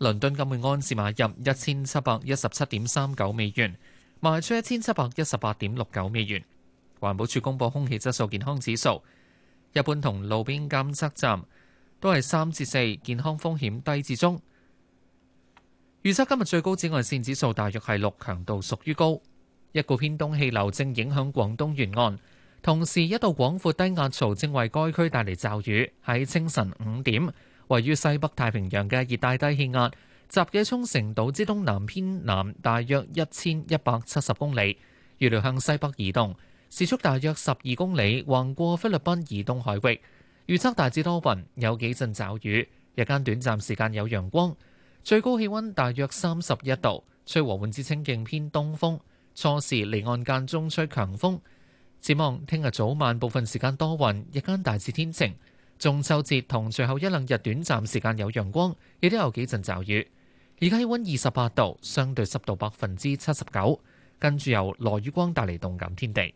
倫敦金換安士買入一千七百一十七點三九美元，賣出一千七百一十八點六九美元。環保署公佈空氣質素健康指數，一般同路邊監測站都係三至四，健康風險低至中。預測今日最高紫外線指數大約係六，強度屬於高。一股偏東氣流正影響廣東沿岸。同時，一道廣闊低壓槽正為該區帶嚟驟雨。喺清晨五點，位於西北太平洋嘅熱帶低氣壓，集結於沖繩島之東南偏南，大約一千一百七十公里，預料向西北移動，時速大約十二公里，橫過菲律賓以東海域。預測大致多雲，有幾陣驟雨，日間短暫時間有陽光，最高氣温大約三十一度，吹和緩至清勁偏東風，初時離岸間中吹強風。展望聽日早晚部分時間多雲，日間大致天晴，中秋節同最後一兩日短暫時間有陽光，亦都有幾陣驟雨。而家氣温二十八度，相對濕度百分之七十九，跟住由落雨光帶嚟動感天地，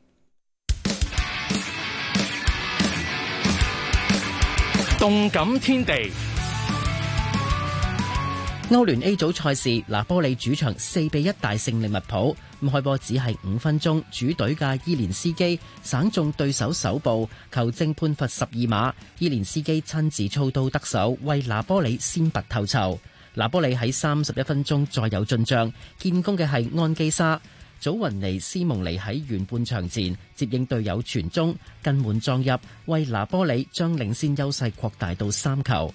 動感天地。歐聯 A 組賽事，拿波里主場四比一大勝利物浦。咁開波只係五分鐘，主隊嘅伊連斯基省中對手手部，球證判罰十二碼，伊連斯基親自操刀得手，為拿波里先拔頭籌。拿波里喺三十一分鐘再有進賬，建功嘅係安基沙。祖雲尼斯蒙尼喺完半場前接應隊友傳中，近門撞入，為拿波里將領先優勢擴大到三球。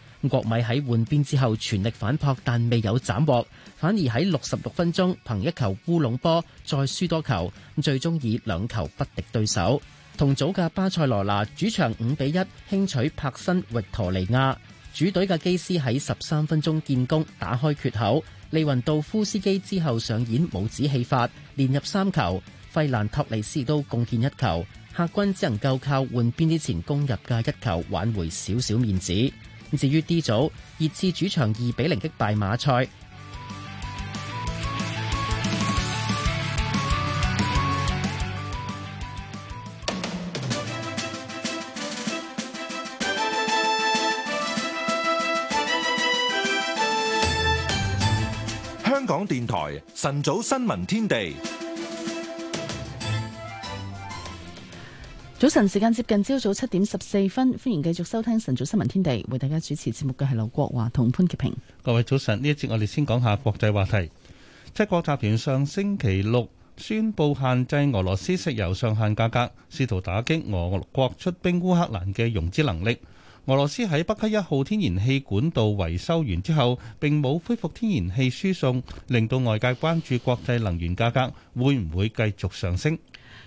國米喺換邊之後全力反撲，但未有斬獲，反而喺六十六分鐘憑一球烏龍波再輸多球，最終以兩球不敵對手。同組嘅巴塞羅那主場五比一輕取柏新域陀利亞。主隊嘅基斯喺十三分鐘建功，打開缺口。利雲道夫斯基之後上演帽子戲法，連入三球。費蘭托利斯都貢獻一球，客軍只能夠靠換邊之前攻入嘅一球挽回少少面子。至於 D 組，熱刺主場二比零擊敗馬賽。香港電台晨早新聞天地。早晨時間接近朝早七點十四分，歡迎繼續收聽晨早新聞天地，為大家主持節目嘅係劉國華同潘潔平。各位早晨，呢一節我哋先講下國際話題。七國集團上星期六宣布限制俄羅斯石油上限價格，試圖打擊俄國出兵烏克蘭嘅融資能力。俄羅斯喺北溪一號天然氣管道維修完之後，並冇恢復天然氣輸送，令到外界關注國際能源價格會唔會繼續上升。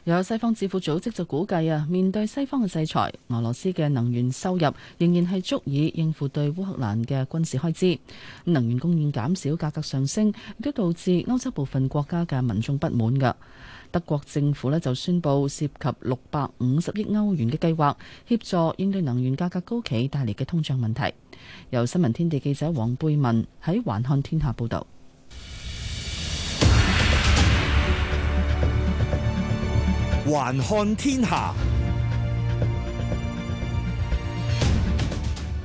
有西方智庫組織就估計啊，面對西方嘅制裁，俄羅斯嘅能源收入仍然係足以應付對烏克蘭嘅軍事開支。能源供應減少、價格上升，亦都導致歐洲部分國家嘅民眾不滿㗎。德國政府呢就宣布涉及六百五十億歐元嘅計劃，協助應對能源價格高企帶嚟嘅通脹問題。由新聞天地記者黃貝文喺環看天下報導。還看天下，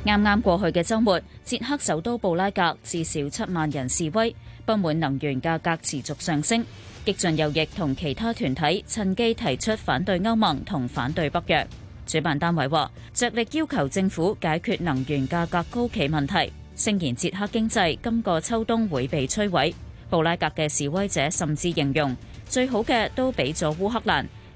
啱啱過去嘅周末，捷克首都布拉格至少七萬人示威，不滿能源價格持續上升，激進右翼同其他團體趁機提出反對歐盟同反對北約。主辦單位話，着力要求政府解決能源價格高企問題，聲言捷克經濟今個秋冬會被摧毀。布拉格嘅示威者甚至形容，最好嘅都俾咗烏克蘭。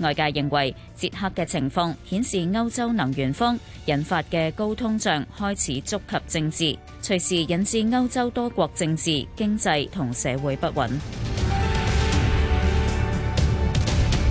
外界認為捷克嘅情況顯示歐洲能源荒引發嘅高通脹開始觸及政治，隨時引致歐洲多國政治、經濟同社會不穩。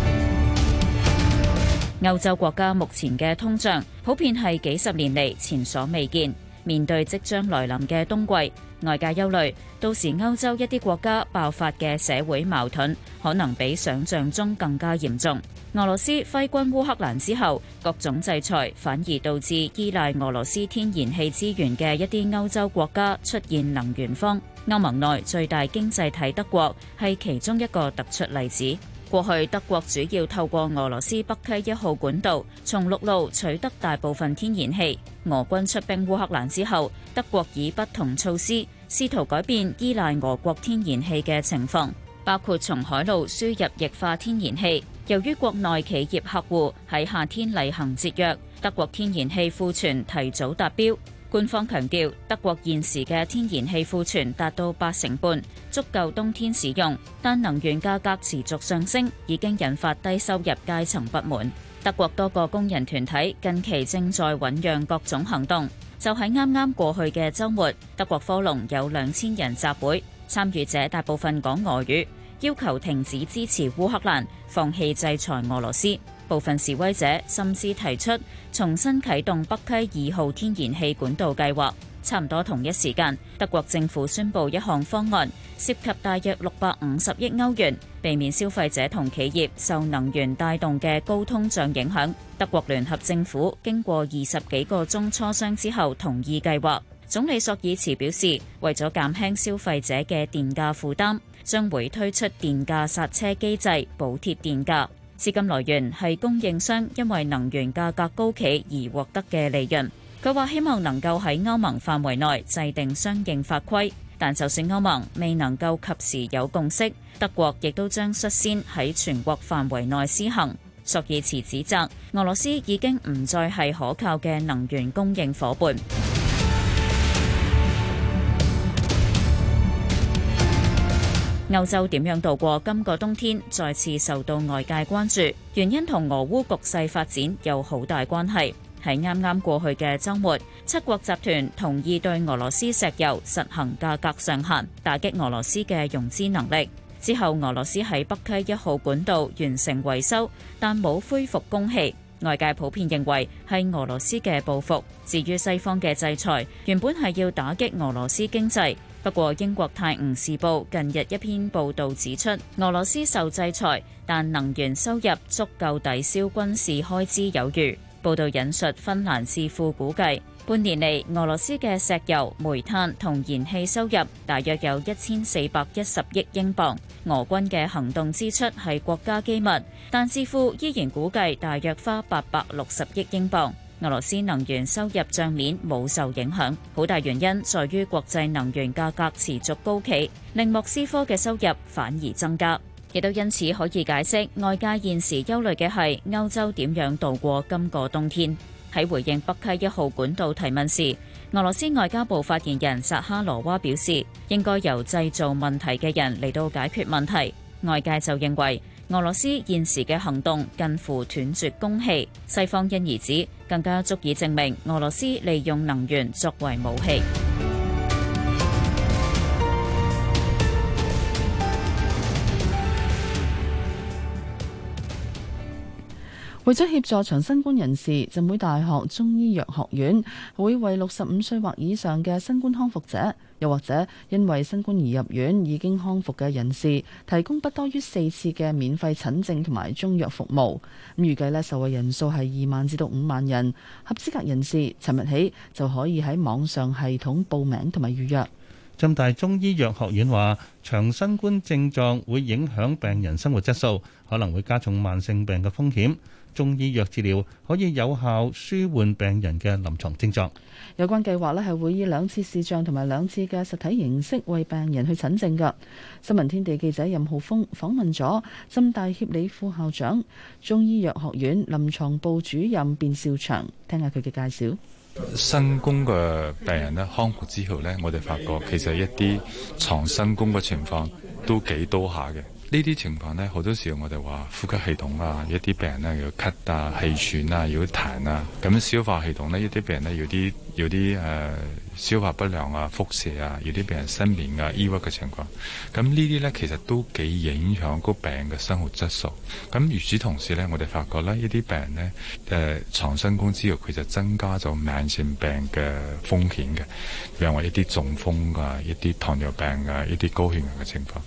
歐洲國家目前嘅通脹普遍係幾十年嚟前所未見，面對即將來臨嘅冬季。外界憂慮，到時歐洲一啲國家爆發嘅社會矛盾，可能比想象中更加嚴重。俄羅斯揮軍烏克蘭之後，各種制裁反而導致依賴俄羅斯天然氣資源嘅一啲歐洲國家出現能源荒。歐盟內最大經濟體德國係其中一個突出例子。過去德國主要透過俄羅斯北溪一號管道從陸路取得大部分天然氣。俄軍出兵烏克蘭之後，德國以不同措施試圖改變依賴俄國天然氣嘅情況，包括從海路輸入液化天然氣。由於國內企業客戶喺夏天例行節約，德國天然氣庫存提早達標。官方強調，德國現時嘅天然氣庫存達到八成半，足夠冬天使用。但能源價格持續上升，已經引發低收入階層不滿。德國多個工人團體近期正在醞釀各種行動。就喺啱啱過去嘅周末，德國科隆有兩千人集會，參與者大部分講俄語，要求停止支持烏克蘭、放棄制裁俄羅斯。部分示威者甚至提出重新啟動北溪二號天然氣管道計劃。差唔多同一時間，德國政府宣布一項方案，涉及大約六百五十億歐元，避免消費者同企業受能源帶動嘅高通脹影響。德國聯合政府經過二十幾個鐘磋商之後，同意計劃。總理索爾茨表示，為咗減輕消費者嘅電價負擔，將會推出電價剎車機制，補貼電價。資金來源係供應商因為能源價格高企而獲得嘅利潤。佢話：希望能夠喺歐盟範圍內制定相應法規，但就算歐盟未能夠及時有共識，德國亦都將率先喺全國範圍內施行。索爾茨指責俄羅斯已經唔再係可靠嘅能源供應伙伴。 歐洲點樣度過今個冬天，再次受到外界關注，原因同俄烏局勢發展有好大關係。喺啱啱過去嘅週末，七國集團同意對俄羅斯石油實行價格上限，打擊俄羅斯嘅融資能力。之後，俄羅斯喺北溪一號管道完成維修，但冇恢復供氣。外界普遍認為係俄羅斯嘅報復。至於西方嘅制裁，原本係要打擊俄羅斯經濟，不過英國《泰晤士報》近日一篇報導指出，俄羅斯受制裁，但能源收入足夠抵消軍事開支有餘。報道引述芬蘭智庫估計，半年嚟俄羅斯嘅石油、煤炭同燃氣收入大約有一千四百一十億英鎊。俄軍嘅行動支出係國家機密，但智庫依然估計大約花八百六十億英鎊。俄羅斯能源收入帳面冇受影響，好大原因在於國際能源價格持續高企，令莫斯科嘅收入反而增加。亦都因此可以解釋，外界現時憂慮嘅係歐洲點樣度過今個冬天。喺回應北溪一號管道提問時，俄羅斯外交部發言人扎哈羅娃表示，應該由製造問題嘅人嚟到解決問題。外界就認為俄羅斯現時嘅行動近乎斷絕供氣，西方因而指更加足以證明俄羅斯利用能源作為武器。為咗協助長新冠人士，浸會大學中醫藥學院會為六十五歲或以上嘅新冠康復者，又或者因為新冠而入院已經康復嘅人士，提供不多於四次嘅免費診症同埋中藥服務。咁預計呢受惠人數係二萬至到五萬人，合資格人士尋日起就可以喺網上系統報名同埋預約。浸大中醫藥學院話，長新冠症狀會影響病人生活質素，可能會加重慢性病嘅風險。中醫藥治療可以有效舒緩病人嘅臨床症狀。有關計劃呢，係會以兩次視像同埋兩次嘅實體形式為病人去診症㗎。新聞天地記者任浩峰訪問咗浸大協理副校長、中醫藥學院臨床部主任卞兆祥，聽下佢嘅介紹。新冠嘅病人呢，康復之後呢，我哋發覺其實一啲長新冠嘅情況都幾多下嘅。呢啲情況咧，好多時候我哋話呼吸系統啊，一啲病咧要咳啊、氣喘啊、要痰啊，咁消化系統咧，一啲病咧要啲。有啲誒消化不良啊、腹瀉啊，有啲病人失眠啊、抑鬱嘅情況，咁呢啲呢其實都幾影響個病嘅生活質素。咁與此同時呢，我哋發覺咧一啲病呢，誒，長新冠之後，佢就增加咗慢性病嘅風險嘅，例如一啲中風啊、一啲糖尿病啊、一啲高血壓嘅情況。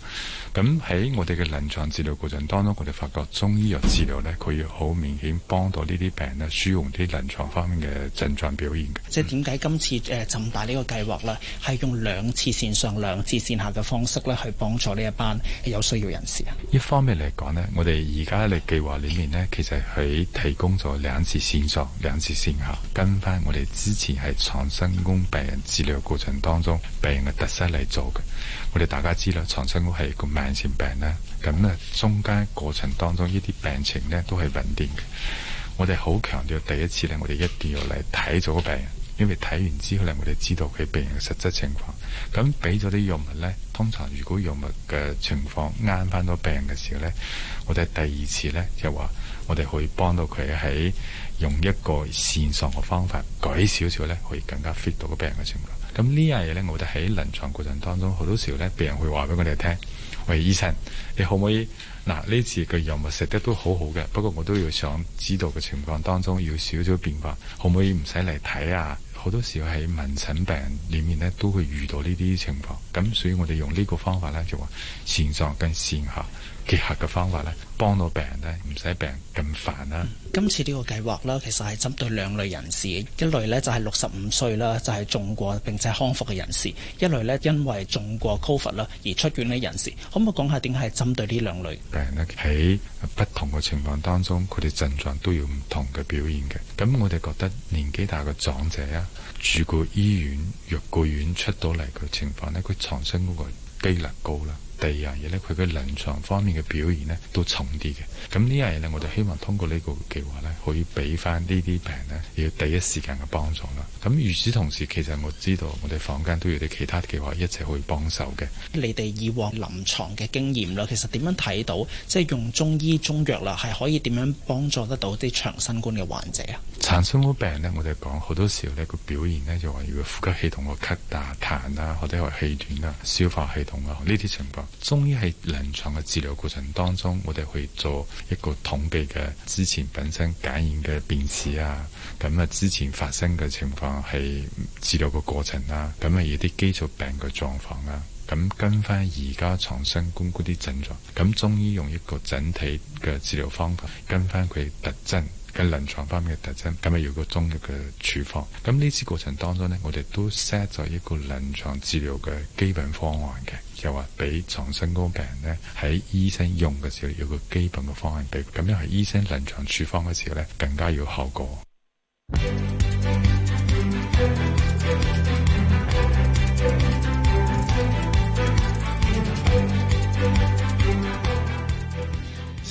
咁喺我哋嘅臨床治療過程當中，我哋發覺中醫藥治療呢，佢要好明顯幫到呢啲病呢，舒緩啲臨床方面嘅症狀表現嘅。點解今次誒浸大呢個計劃咧，係用兩次線上、兩次線下嘅方式咧，去幫助呢一班有需要人士啊。一方面嚟講呢，我哋而家嘅計劃裡面呢，其實佢提供咗兩次線上、兩次線下，跟翻我哋之前係長新冠病人治療過程當中病人嘅特色嚟做嘅。我哋大家知啦，長新冠係一個慢性病啦。咁呢，中間過程當中呢啲病情呢都係穩定嘅。我哋好強調，第一次呢，我哋一定要嚟睇咗個病人。因為睇完之後咧，我哋知道佢病人嘅實質情況，咁俾咗啲藥物咧，通常如果藥物嘅情況啱翻到病人嘅時候咧，我哋第二次咧就話我哋可以幫到佢喺用一個線上嘅方法改少少咧，可以更加 fit 到個病人嘅情況。咁呢樣嘢咧，我哋喺臨床過程當中好多時候咧，病人會話俾我哋聽：喂，醫生，你可唔可以嗱呢次嘅藥物食得都好好嘅，不過我都要想知道嘅情況當中要少少變化，可唔可以唔使嚟睇啊？好多時候喺門診病人裏面都會遇到呢啲情況，咁所以我哋用呢個方法就話線上跟線下，結合嘅方法咧，幫到病人咧，唔使病咁煩啦、啊嗯。今次呢個計劃咧，其實係針對兩類人士，一類咧就係六十五歲啦，就係、是、中、就是、過並且康復嘅人士；一類咧，因為中過 Covid 啦而出院嘅人士。可唔可以講下點解係針對呢兩類病人呢？喺不同嘅情況當中，佢哋症狀都要唔同嘅表現嘅。咁我哋覺得年紀大嘅長者啊，住過醫院、入過院出到嚟嘅情況咧，佢重生嗰個機率高啦。第二樣嘢咧，佢嘅臨床方面嘅表現咧都重啲嘅。咁呢樣嘢咧，我就希望通過呢個計劃咧，可以俾翻呢啲病咧，要第一時間嘅幫助啦。咁與此同時，其實我知道我哋坊間都有啲其他計劃一齊去幫手嘅。你哋以往臨床嘅經驗啦，其實點樣睇到即係用中醫中藥啦，係可以點樣幫助得到啲長新冠嘅患者啊？長新冠病咧，我哋講好多時候咧，個表現咧就話如果呼吸系統個咳啊、痰啊，或者係氣短啊、消化系統啊呢啲情況。中醫喺臨床嘅治療過程當中，我哋去做一個統計嘅之前本身感染嘅病史啊，咁啊之前發生嘅情況係治療嘅過程啊，咁啊有啲基礎病嘅狀況啊，咁跟翻而家重新觀察啲症狀，咁中醫用一個整體嘅治療方法跟翻佢特徵。嘅臨床方面嘅特徵，咁咪要個中藥嘅處方。咁呢次過程當中咧，我哋都 set 咗一個臨床治療嘅基本方案嘅，就話俾藏身宮病咧喺醫生用嘅時候，有個基本嘅方案俾佢。咁因為醫生臨床處方嘅時候咧，更加要效果。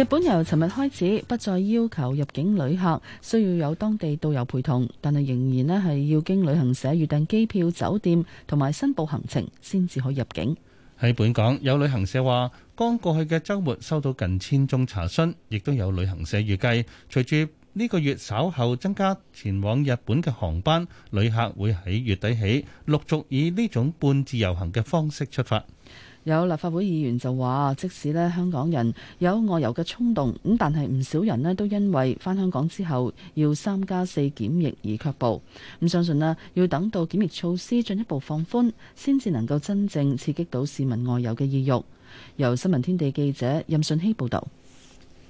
日本由尋日開始不再要求入境旅客需要有當地導遊陪同，但係仍然咧係要經旅行社預訂機票、酒店同埋申報行程先至可以入境。喺本港有旅行社話，剛過去嘅週末收到近千宗查詢，亦都有旅行社預計，隨住呢個月稍後增加前往日本嘅航班，旅客會喺月底起陸續以呢種半自由行嘅方式出發。有立法會議員就話，即使呢香港人有外遊嘅衝動，咁但係唔少人呢都因為返香港之後要三加四檢疫而卻步。咁相信呢，要等到檢疫措施進一步放寬，先至能夠真正刺激到市民外遊嘅意欲。由新聞天地記者任信希報導。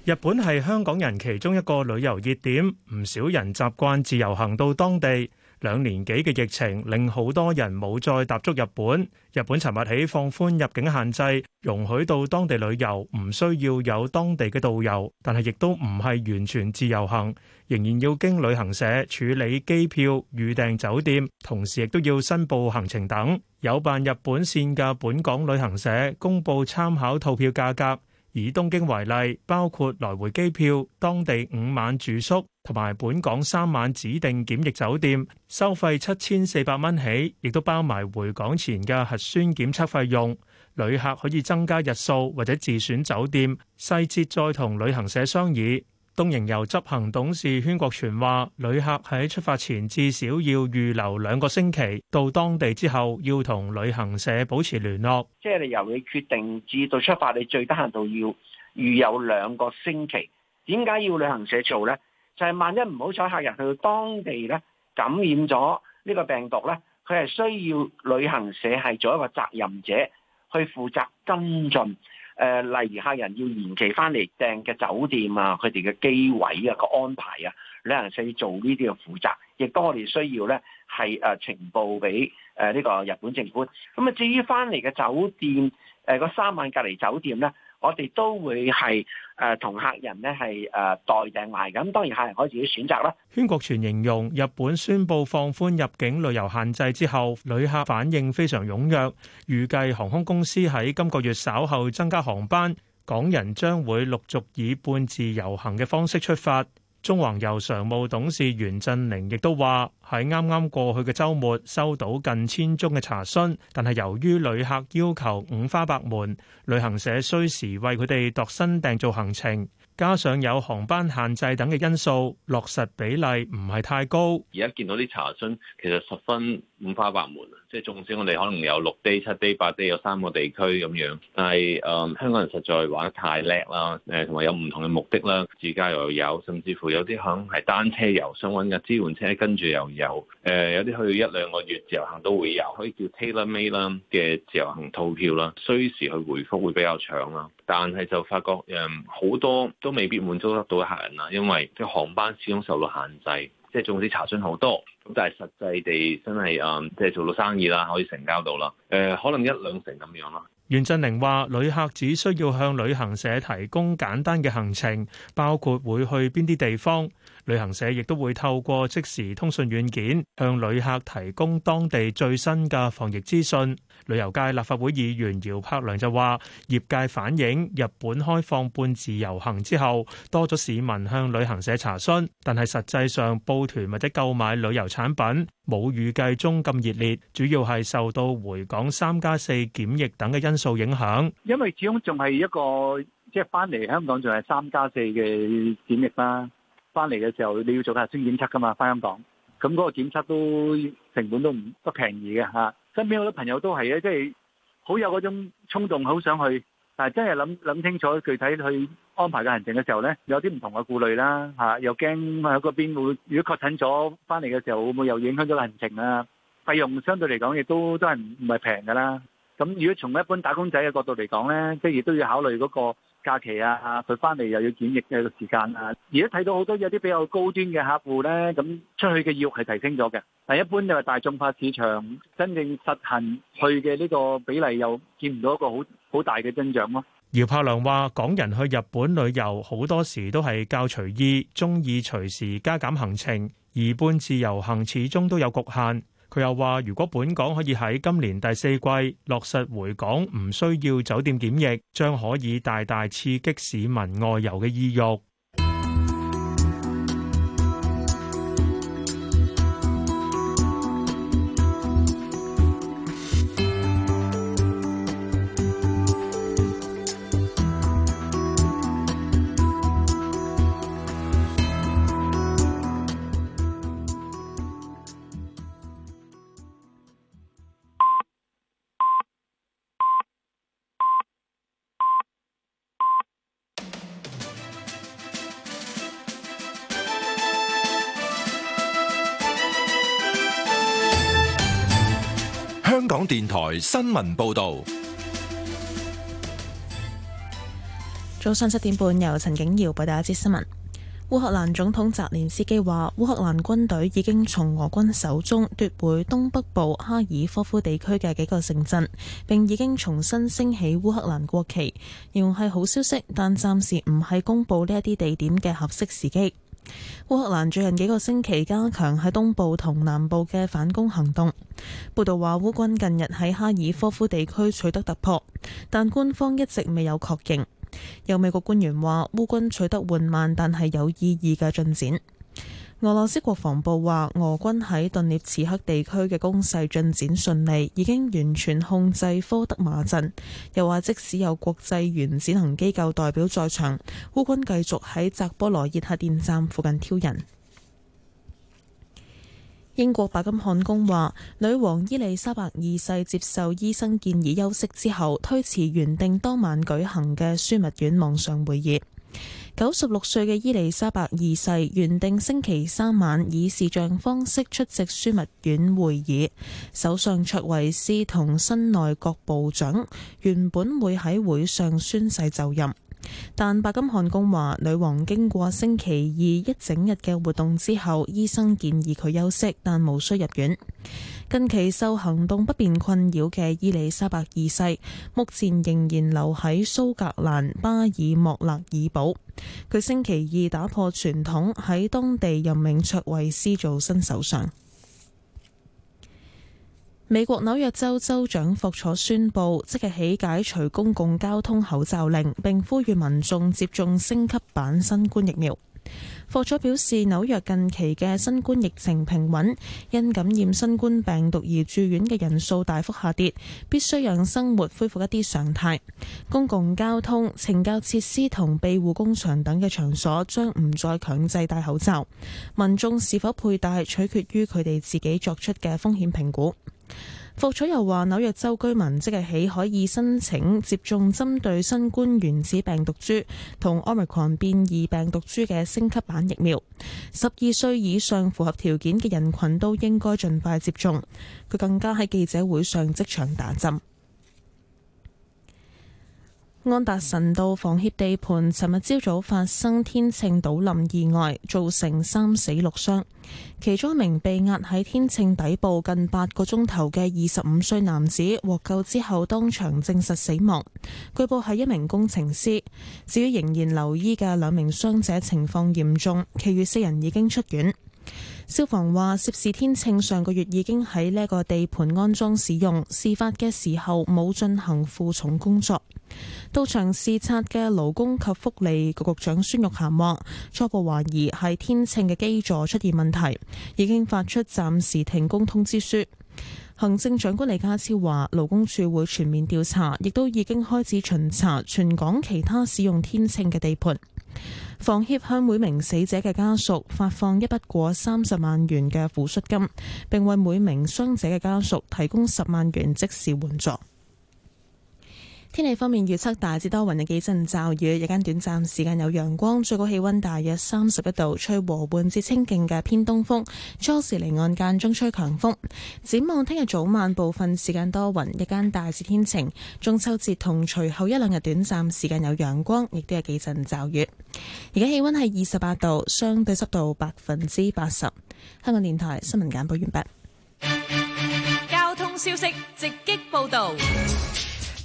日本係香港人其中一個旅遊熱點，唔少人習慣自由行到當地。兩年幾嘅疫情令好多人冇再踏足日本。日本尋日起放寬入境限制，容許到當地旅遊，唔需要有當地嘅導遊，但係亦都唔係完全自由行，仍然要經旅行社處理機票、預訂酒店，同時亦都要申報行程等。有辦日本線嘅本港旅行社公佈參考套票價格，以東京為例，包括來回機票、當地五晚住宿。同埋，本港三晚指定檢疫酒店收費七千四百蚊起，亦都包埋回港前嘅核酸檢測費用。旅客可以增加日數或者自選酒店，細節再同旅行社商議。東瀛遊執行董事禤國全話，旅客喺出發前至少要預留兩個星期，到當地之後要同旅行社保持聯絡。即係你由你決定至到出發，你最低限度要預有兩個星期。點解要旅行社做咧？就係萬一唔好彩，客人去到當地咧，感染咗呢個病毒咧，佢係需要旅行社係做一個責任者去負責跟進。誒、呃，例如客人要延期翻嚟訂嘅酒店啊，佢哋嘅機位啊個安排啊，旅行社要做呢啲嘅負責，亦都我哋需要咧係誒情報俾誒呢個日本政府。咁、呃、啊，至於翻嚟嘅酒店，誒、呃、三晚隔離酒店咧。我哋都會係誒同客人呢係誒代訂埋，咁當然客人可以自己選擇啦。宣國全形容日本宣布放寬入境旅遊限制之後，旅客反應非常踴躍，預計航空公司喺今個月稍後增加航班，港人將會陸續以半自由行嘅方式出發。中環遊常務董事袁振寧亦都話：喺啱啱過去嘅周末收到近千宗嘅查詢，但係由於旅客要求五花八門，旅行社需時為佢哋度身訂做行程，加上有航班限制等嘅因素，落實比例唔係太高。而家見到啲查詢，其實十分。五花八門即係縱使我哋可能有六 D、七 D、八 D 有三個地區咁樣，但係誒、呃、香港人實在玩得太叻啦，誒、呃、同埋有唔同嘅目的啦，自駕遊又有，甚至乎有啲可能係單車遊，想揾架支援車跟住又有，誒、呃、有啲去一兩個月自由行都會有，可以叫 tailor-made 啦嘅自由行套票啦，需時去回覆會比較長啦，但係就發覺誒好、呃、多都未必滿足得到客人啦，因為啲航班始終受到限制。即係總之查詢好多，咁但係實際地真係啊，即、嗯、係、就是、做到生意啦，可以成交到啦。誒、呃，可能一兩成咁樣啦。袁振寧話：旅客只需要向旅行社提供簡單嘅行程，包括會去邊啲地方。旅行社亦都會透過即時通訊軟件向旅客提供當地最新嘅防疫資訊。旅遊界立法會議員姚柏良就話，業界反映日本開放半自由行之後，多咗市民向旅行社查詢，但係實際上報團或者購買旅遊產品冇預計中咁熱烈，主要係受到回港三加四檢疫等嘅因素影響。因為始終仲係一個，即係翻嚟香港仲係三加四嘅檢疫啦。翻嚟嘅時候，你要做核酸檢測噶嘛？翻香港，咁嗰個檢測都成本都唔不都便宜嘅嚇。身邊好多朋友都係啊，即係好有嗰種衝動，好想去，但係真係諗諗清楚具體去安排嘅行程嘅時候呢，有啲唔同嘅顧慮啦嚇，又驚喺嗰邊會如果確診咗翻嚟嘅時候會唔會又影響咗行程啊？費用相對嚟講亦都都係唔唔係平噶啦。咁如果從一般打工仔嘅角度嚟講呢，即係亦都要考慮嗰個，假期啊，佢翻嚟又要檢疫嘅個時間啊！而家睇到好多有啲比較高端嘅客戶咧，咁出去嘅意欲係提升咗嘅，但一般就係大眾化市場真正實行去嘅呢個比例又見唔到一個好好大嘅增長咯，啊。姚柏良話，港人去日本旅遊好多時都係較隨意，中意隨時加減行程，而半自由行始終都有局限。佢又話，如果本港可以喺今年第四季落實回港，唔需要酒店檢疫，將可以大大刺激市民外遊嘅意欲。新聞報道，早上七點半由陳景堯報道一節新聞。烏克蘭總統澤連斯基話，烏克蘭軍隊已經從俄軍手中奪回東北部哈爾科夫地區嘅幾個城鎮，並已經重新升起烏克蘭國旗。仍係好消息，但暫時唔係公布呢一啲地點嘅合適時機。烏克蘭最近幾個星期加強喺東部同南部嘅反攻行動。報道話烏軍近日喺哈爾科夫地區取得突破，但官方一直未有確認。有美國官員話烏軍取得緩慢，但係有意義嘅進展。俄羅斯國防部話，俄軍喺頓涅茨克地區嘅攻勢進展順利，已經完全控制科德馬鎮。又話，即使有國際原子能機構代表在場，烏軍繼續喺扎波羅熱核電站附近挑釁。英國白金漢宮話，女王伊麗莎白二世接受醫生建議休息之後，推遲原定當晚舉行嘅樞密院網上會議。九十六歲嘅伊麗莎白二世原定星期三晚以視像方式出席樞密院會議，首相卓維斯同新內閣部長原本會喺會上宣誓就任，但白金漢宮話，女王經過星期二一整日嘅活動之後，醫生建議佢休息，但無需入院。近期受行動不便困擾嘅伊利沙伯二世，目前仍然留喺蘇格蘭巴爾莫勒爾堡。佢星期二打破傳統，喺當地任命卓慧思做新首相。美國紐約州州長霍楚宣布，即日起解除公共交通口罩令，並呼籲民眾接種升級版新冠疫苗。霍佐表示，紐約近期嘅新冠疫情平穩，因感染新冠病毒而住院嘅人數大幅下跌，必須讓生活恢復一啲常態。公共交通、懲教設施同庇護工場等嘅場所將唔再強制戴口罩，民眾是否佩戴取決於佢哋自己作出嘅風險評估。霍采又話：紐約州居民即日起可以申請接種針對新冠原始病毒株同奧密克戎變異病毒株嘅升級版疫苗。十二歲以上符合條件嘅人群都應該盡快接種。佢更加喺記者會上即場打針。安達臣道房協地盤尋日朝早發生天秤倒冧意外，造成三死六傷。其中一名被壓喺天秤底部近八個鐘頭嘅二十五歲男子獲救之後當場證實死亡，據報係一名工程師。至於仍然留醫嘅兩名傷者情況嚴重，其餘四人已經出院。消防話：涉事天秤上個月已經喺呢個地盤安裝使用，事發嘅時候冇進行負重工作。到場視察嘅勞工及福利局局長孫玉菡話：初步懷疑係天秤嘅基座出現問題，已經發出暫時停工通知書。行政長官李家超話：勞工處會全面調查，亦都已經開始巡查全港其他使用天秤嘅地盤。房協向每名死者嘅家屬發放一筆過三十萬元嘅撫恤金，並為每名傷者嘅家屬提供十萬元即時援助。天氣方面預測大致多雲，有幾陣驟雨，日間短暫時間有陽光，最高氣溫大約三十一度，吹和緩至清勁嘅偏東風，初時離岸間中吹強風。展望聽日早晚部分時間多雲，日間大致天晴，中秋節同隨後一兩日短暫時間有陽光，亦都有幾陣驟雨。而家氣溫係二十八度，相對濕度百分之八十。香港電台新聞簡報完畢。交通消息直擊報道。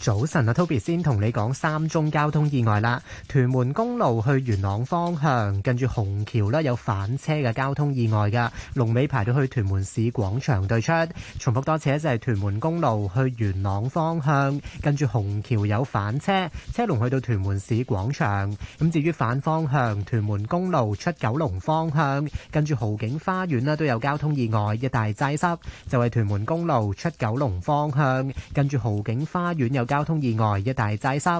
早晨啊，Toby 先同你講三宗交通意外啦。屯門公路去元朗方向，跟住虹橋咧有翻車嘅交通意外噶，龍尾排到去屯門市廣場對出。重複多次咧，就係屯門公路去元朗方向，跟住虹橋有翻車，車龍去到屯門市廣場。咁至於反方向，屯門公路出九龍方向，跟住豪景花園咧都有交通意外，一大擠塞。就係屯門公路出九龍方向，跟住豪景花園有交交通意外一大擠塞，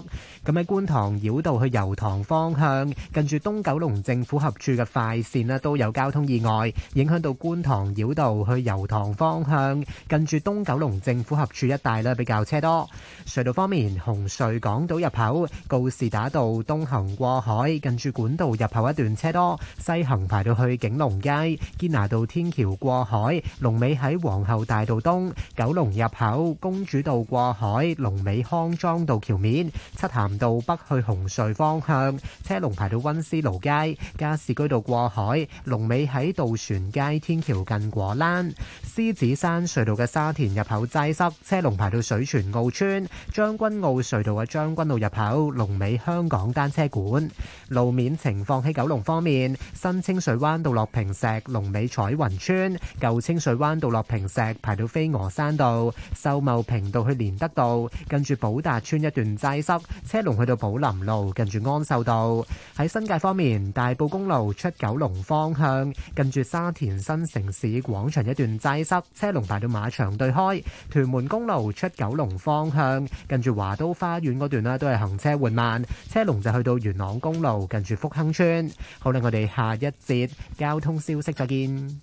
咁喺觀塘繞道去油塘方向，近住東九龍政府合署嘅快線呢都有交通意外，影響到觀塘繞道去油塘方向，近住東九龍政府合署一帶呢比較車多。隧道方面，紅隧港島入口告士打道東行過海，近住管道入口一段車多，西行排到去景隆街堅拿道天橋過海，龍尾喺皇后大道東九龍入口公主道過海，龍尾。康莊道橋面、漆咸道北去紅隧方向車龍排到溫思勞街、加士居道過海，龍尾喺渡船街天橋近果欄；獅子山隧道嘅沙田入口擠塞，車龍排到水泉澳村、將軍澳隧道嘅將軍澳入口，龍尾香港單車館。路面情況喺九龍方面，新清水灣道落坪石，龍尾彩雲村；舊清水灣道落坪石，排到飛鵝山道；秀茂坪道去連德道，近住寶達村一段擠塞，車龍去到寶林路，近住安秀道。喺新界方面，大埔公路出九龍方向，近住沙田新城市廣場一段擠塞，車龍排到馬場對開。屯門公路出九龍方向，近住華都花園嗰段咧都係行車緩慢，車龍就去到元朗公路，近住福亨村。好啦，我哋下一節交通消息，再見。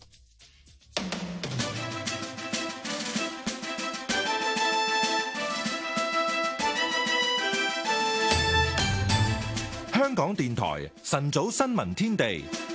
香港電台晨早新聞天地。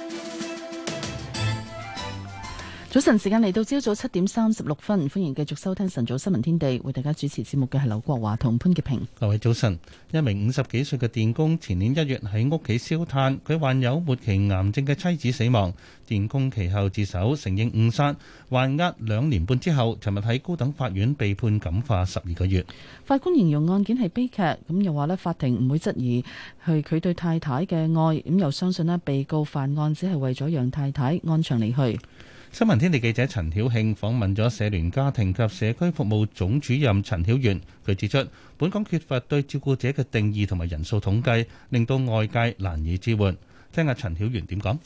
早晨時間嚟到，朝早七點三十六分，歡迎繼續收聽晨早新聞天地。為大家主持節目嘅係劉國華同潘潔平。各位早晨！一名五十幾歲嘅電工前年一月喺屋企燒炭，佢患有末期癌症嘅妻子死亡。電工其後自首承認誤殺，還押兩年半之後，尋日喺高等法院被判感化十二個月。法官形容案件係悲劇，咁又話咧，法庭唔會質疑係佢對太太嘅愛，咁又相信咧，被告犯案只係為咗讓太太安詳離去。新聞天地記者陳曉慶訪問咗社聯家庭及社區服務總主任陳曉源。佢指出，本港缺乏對照顧者嘅定義同埋人數統計，令到外界難以支援。聽下陳曉源點講。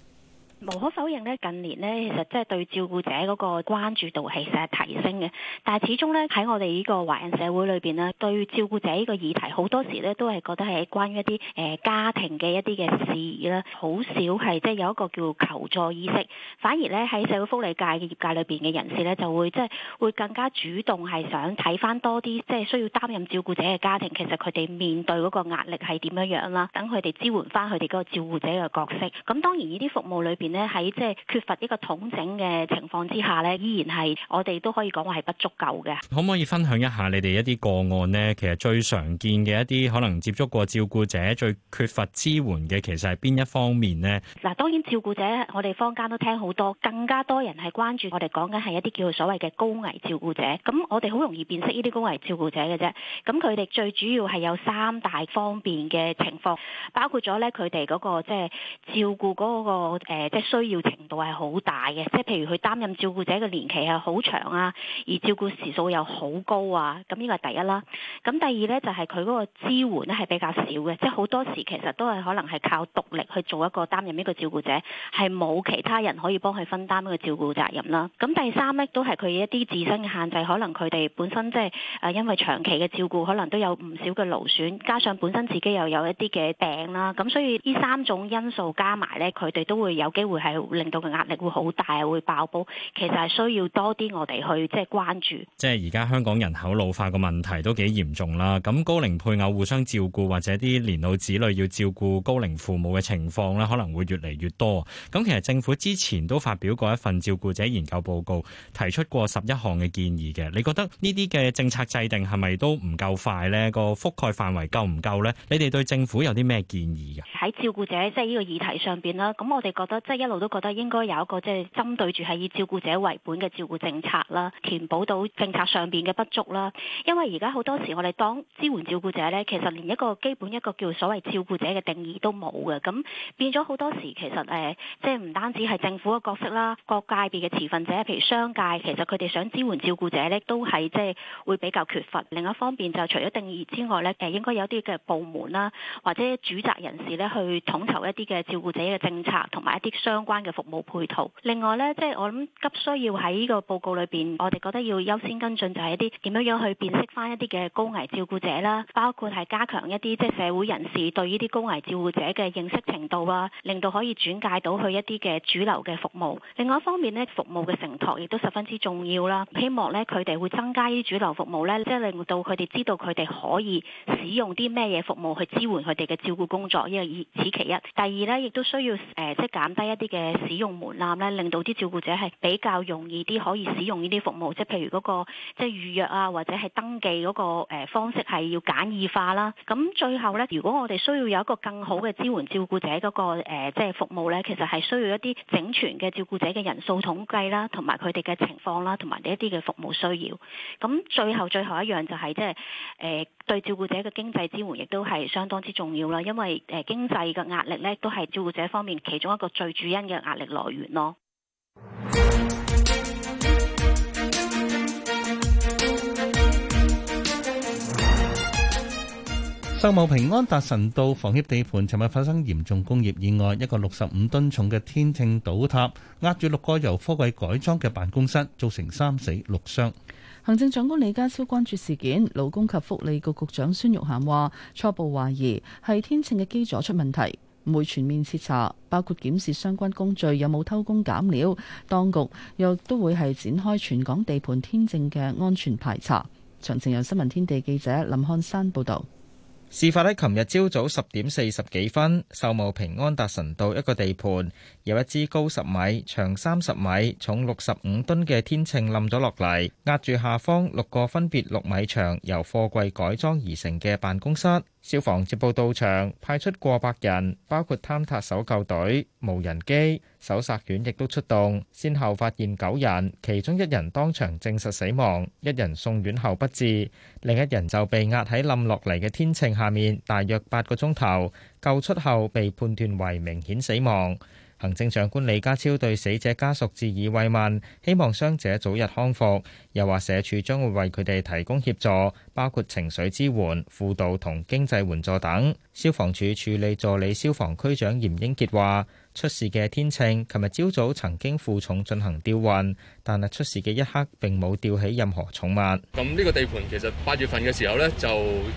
無可否認咧，近年咧其實即係對照顧者嗰個關注度係成日提升嘅。但係始終咧喺我哋呢個華人社會裏邊咧，對照顧者呢個議題好多時咧都係覺得係關於一啲誒家庭嘅一啲嘅事宜啦。好少係即係有一個叫求助意識，反而咧喺社會福利界嘅業界裏邊嘅人士咧就會即係、就是、會更加主動係想睇翻多啲即係需要擔任照顧者嘅家庭，其實佢哋面對嗰個壓力係點樣樣啦，等佢哋支援翻佢哋嗰個照顧者嘅角色。咁當然呢啲服務裏邊。咧喺即係缺乏呢個統整嘅情況之下咧，依然係我哋都可以講話係不足夠嘅。可唔可以分享一下你哋一啲個案呢？其實最常見嘅一啲可能接觸過照顧者最缺乏支援嘅，其實係邊一方面呢？嗱，當然照顧者，我哋坊間都聽好多，更加多人係關注我哋講緊係一啲叫做所謂嘅高危照顧者。咁我哋好容易辨識呢啲高危照顧者嘅啫。咁佢哋最主要係有三大方面嘅情況，包括咗咧佢哋嗰個、即係照顧嗰個呃、即係照顧嗰個即。需要程度係好大嘅，即係譬如佢擔任照顧者嘅年期係好長啊，而照顧時數又好高啊，咁呢個係第一啦。咁第二咧就係佢嗰個支援咧係比較少嘅，即係好多時其實都係可能係靠獨力去做一個擔任呢個照顧者，係冇其他人可以幫佢分擔一個照顧責任啦。咁第三咧都係佢一啲自身嘅限制，可能佢哋本身即係誒因為長期嘅照顧可能都有唔少嘅勞損，加上本身自己又有一啲嘅病啦，咁所以呢三種因素加埋咧，佢哋都會有機會。會係令到個壓力會好大，會爆煲。其實係需要多啲我哋去即係關注。即係而家香港人口老化個問題都幾嚴重啦。咁高齡配偶互相照顧，或者啲年老子女要照顧高齡父母嘅情況咧，可能會越嚟越多。咁其實政府之前都發表過一份照顧者研究報告，提出過十一項嘅建議嘅。你覺得呢啲嘅政策制定係咪都唔夠快咧？個覆蓋範圍夠唔夠咧？你哋對政府有啲咩建議嘅？喺照顧者即係呢個議題上邊啦，咁我哋覺得即係。一路都覺得應該有一個即係針對住係以照顧者為本嘅照顧政策啦，填補到政策上面嘅不足啦。因為而家好多時我哋當支援照顧者呢，其實連一個基本一個叫所謂照顧者嘅定義都冇嘅，咁變咗好多時其實誒、呃，即係唔單止係政府嘅角色啦，各界別嘅持份者，譬如商界，其實佢哋想支援照顧者呢，都係即係會比較缺乏。另一方面就除咗定義之外呢，誒應該有啲嘅部門啦，或者主責人士呢，去統籌一啲嘅照顧者嘅政策同埋一啲，相關嘅服務配套，另外呢，即係我諗急需要喺呢個報告裏邊，我哋覺得要優先跟進就係一啲點樣樣去辨識翻一啲嘅高危照顧者啦，包括係加強一啲即係社會人士對呢啲高危照顧者嘅認識程度啊，令到可以轉介到去一啲嘅主流嘅服務。另外一方面呢，服務嘅承托亦都十分之重要啦，希望呢佢哋會增加呢啲主流服務呢，即係令到佢哋知道佢哋可以使用啲咩嘢服務去支援佢哋嘅照顧工作。呢個此其一。第二呢，亦都需要誒即係減低，一啲嘅使用門檻咧，令到啲照顧者係比較容易啲可以使用呢啲服務，即係譬如嗰個即係預約啊，或者係登記嗰個誒方式係要簡易化啦。咁最後咧，如果我哋需要有一個更好嘅支援照顧者嗰個誒即係服務咧，其實係需要一啲整全嘅照顧者嘅人數統計啦，同埋佢哋嘅情況啦，同埋呢一啲嘅服務需要。咁最後最後一樣就係即係誒對照顧者嘅經濟支援，亦都係相當之重要啦，因為誒經濟嘅壓力咧，都係照顧者方面其中一個最。主因嘅壓力來源咯。秀茂坪安達臣道房協地盤，尋日發生嚴重工業意外，一個六十五噸重嘅天秤倒塌，壓住六個由貨櫃改裝嘅辦公室，造成三死六傷。行政長官李家超關注事件，勞工及福利局局，局長孫玉菡話初步懷疑係天秤嘅基礎出問題。會全面徹查，包括檢視相關工序有冇偷工減料。當局又都會係展開全港地盤天正嘅安全排查。詳情由新聞天地記者林漢山報道。事發喺琴日朝早十點四十幾分，秀茂坪安達臣道一個地盤，有一支高十米、長三十米、重六十五噸嘅天秤冧咗落嚟，壓住下方六個分別六米長由貨櫃改裝而成嘅辦公室。消防接報到場，派出過百人，包括坍塌搜救隊、無人機。搜查犬亦都出動，先後發現九人，其中一人當場證實死亡，一人送院後不治，另一人就被壓喺冧落嚟嘅天秤下面，大約八個鐘頭救出後被判斷為明顯死亡。行政長官李家超對死者家屬致以慰問，希望傷者早日康復。又話社署將會為佢哋提供協助，包括情緒支援、輔導同經濟援助等。消防處處理助理消防區長嚴英杰話。出事嘅天秤，琴日朝早曾經負重進行吊運，但係出事嘅一刻並冇吊起任何重物。咁呢個地盤其實八月份嘅時候呢，就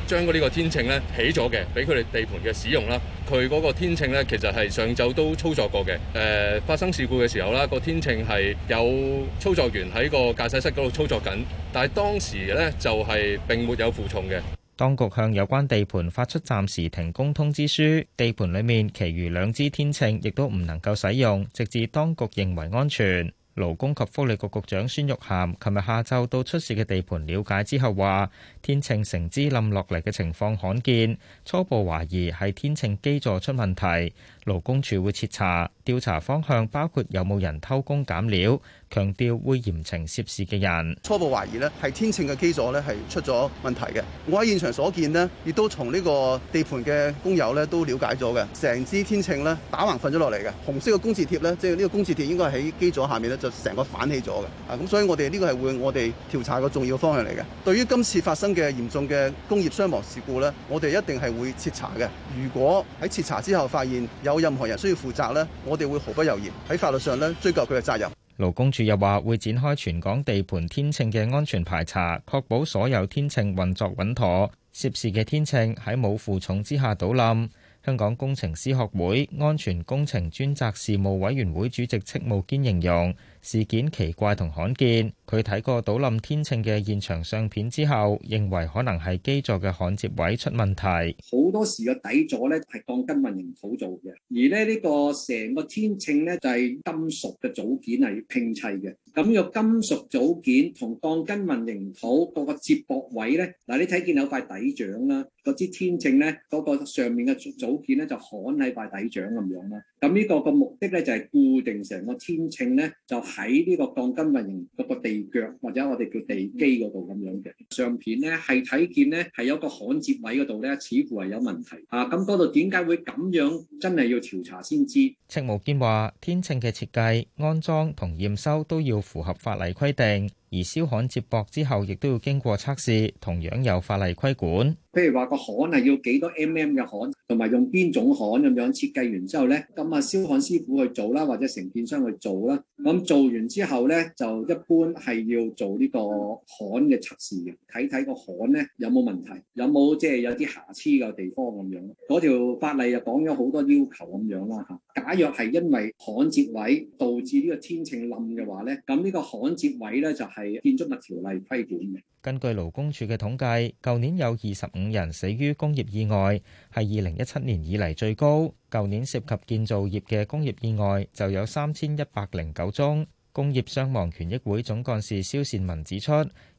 將呢個天秤呢起咗嘅，俾佢哋地盤嘅使用啦。佢嗰個天秤呢，其實係上晝都操作過嘅。誒、呃，發生事故嘅時候啦，個天秤係有操作員喺個駕駛室嗰度操作緊，但係當時呢，就係、是、並沒有負重嘅。當局向有關地盤發出暫時停工通知書，地盤裡面其餘兩支天秤亦都唔能夠使用，直至當局認為安全。勞工及福利局局長孫玉菡琴日下晝到出事嘅地盤了解之後話，天秤成支冧落嚟嘅情況罕見，初步懷疑係天秤基座出問題。勞工處會徹查，調查方向包括有冇人偷工減料，強調會嚴懲涉，涉事嘅人。初步懷疑咧，係天秤嘅基礎咧係出咗問題嘅。我喺現場所見呢，亦都從呢個地盤嘅工友咧都了解咗嘅，成支天秤咧打橫瞓咗落嚟嘅，紅色嘅工字貼呢，即係呢個工字貼應該喺基礎下面呢就成個反起咗嘅。啊，咁所以我哋呢個係會我哋調查個重要方向嚟嘅。對於今次發生嘅嚴重嘅工業傷亡事故呢，我哋一定係會徹查嘅。如果喺徹查之後發現有冇任何人需要負責呢，我哋會毫不猶豫喺法律上呢追究佢嘅責任。勞工處又話會展開全港地盤天秤嘅安全排查，確保所有天秤運作穩妥。涉事嘅天秤喺冇負重之下倒冧。香港工程師學會安全工程專責事務委員會主席戚慕堅形容事件奇怪同罕見。佢睇過倒冧天秤嘅現場相片之後，認為可能係基座嘅焊接位出問題。好多時個底座咧係鋼筋混凝土做嘅，而咧呢個成個天秤咧就係金屬嘅組件嚟拼砌嘅。咁個金屬組件同鋼筋混凝土個個接駁位咧，嗱你睇見有塊底掌啦，嗰支天秤咧嗰個上面嘅組件咧就焊喺塊底掌咁樣啦。咁呢個個目的咧就係固定成個天秤咧，就喺呢個鋼筋混凝土個地腳或者我哋叫地基嗰度咁樣嘅相片咧，係睇見咧係有個焊接位嗰度咧，似乎係有問題啊。咁嗰度點解會咁樣？真係要調查先知。戚無堅話：天秤嘅設計、安裝同驗收都要符合法例規定。而燒焊接駁之後，亦都要經過測試，同樣有法例規管。譬如話個焊係要幾多 mm 嘅焊，同埋用邊種焊，咁樣設計完之後咧，咁啊燒焊師傅去做啦，或者承建商去做啦。咁、嗯、做完之後咧，就一般係要做呢個焊嘅測試，睇睇個焊咧有冇問題，有冇即係有啲瑕疵嘅地方咁樣。嗰條法例就講咗好多要求咁樣啦。假若係因為焊接位導致呢個天秤冧嘅話咧，咁呢個焊接位咧就係建築物條例規管嘅。根據勞工處嘅統計，舊年有二十五人死於工業意外，係二零一七年以嚟最高。舊年涉及建造業嘅工業意外就有三千一百零九宗。工業傷亡權益會總幹事蕭善文指出。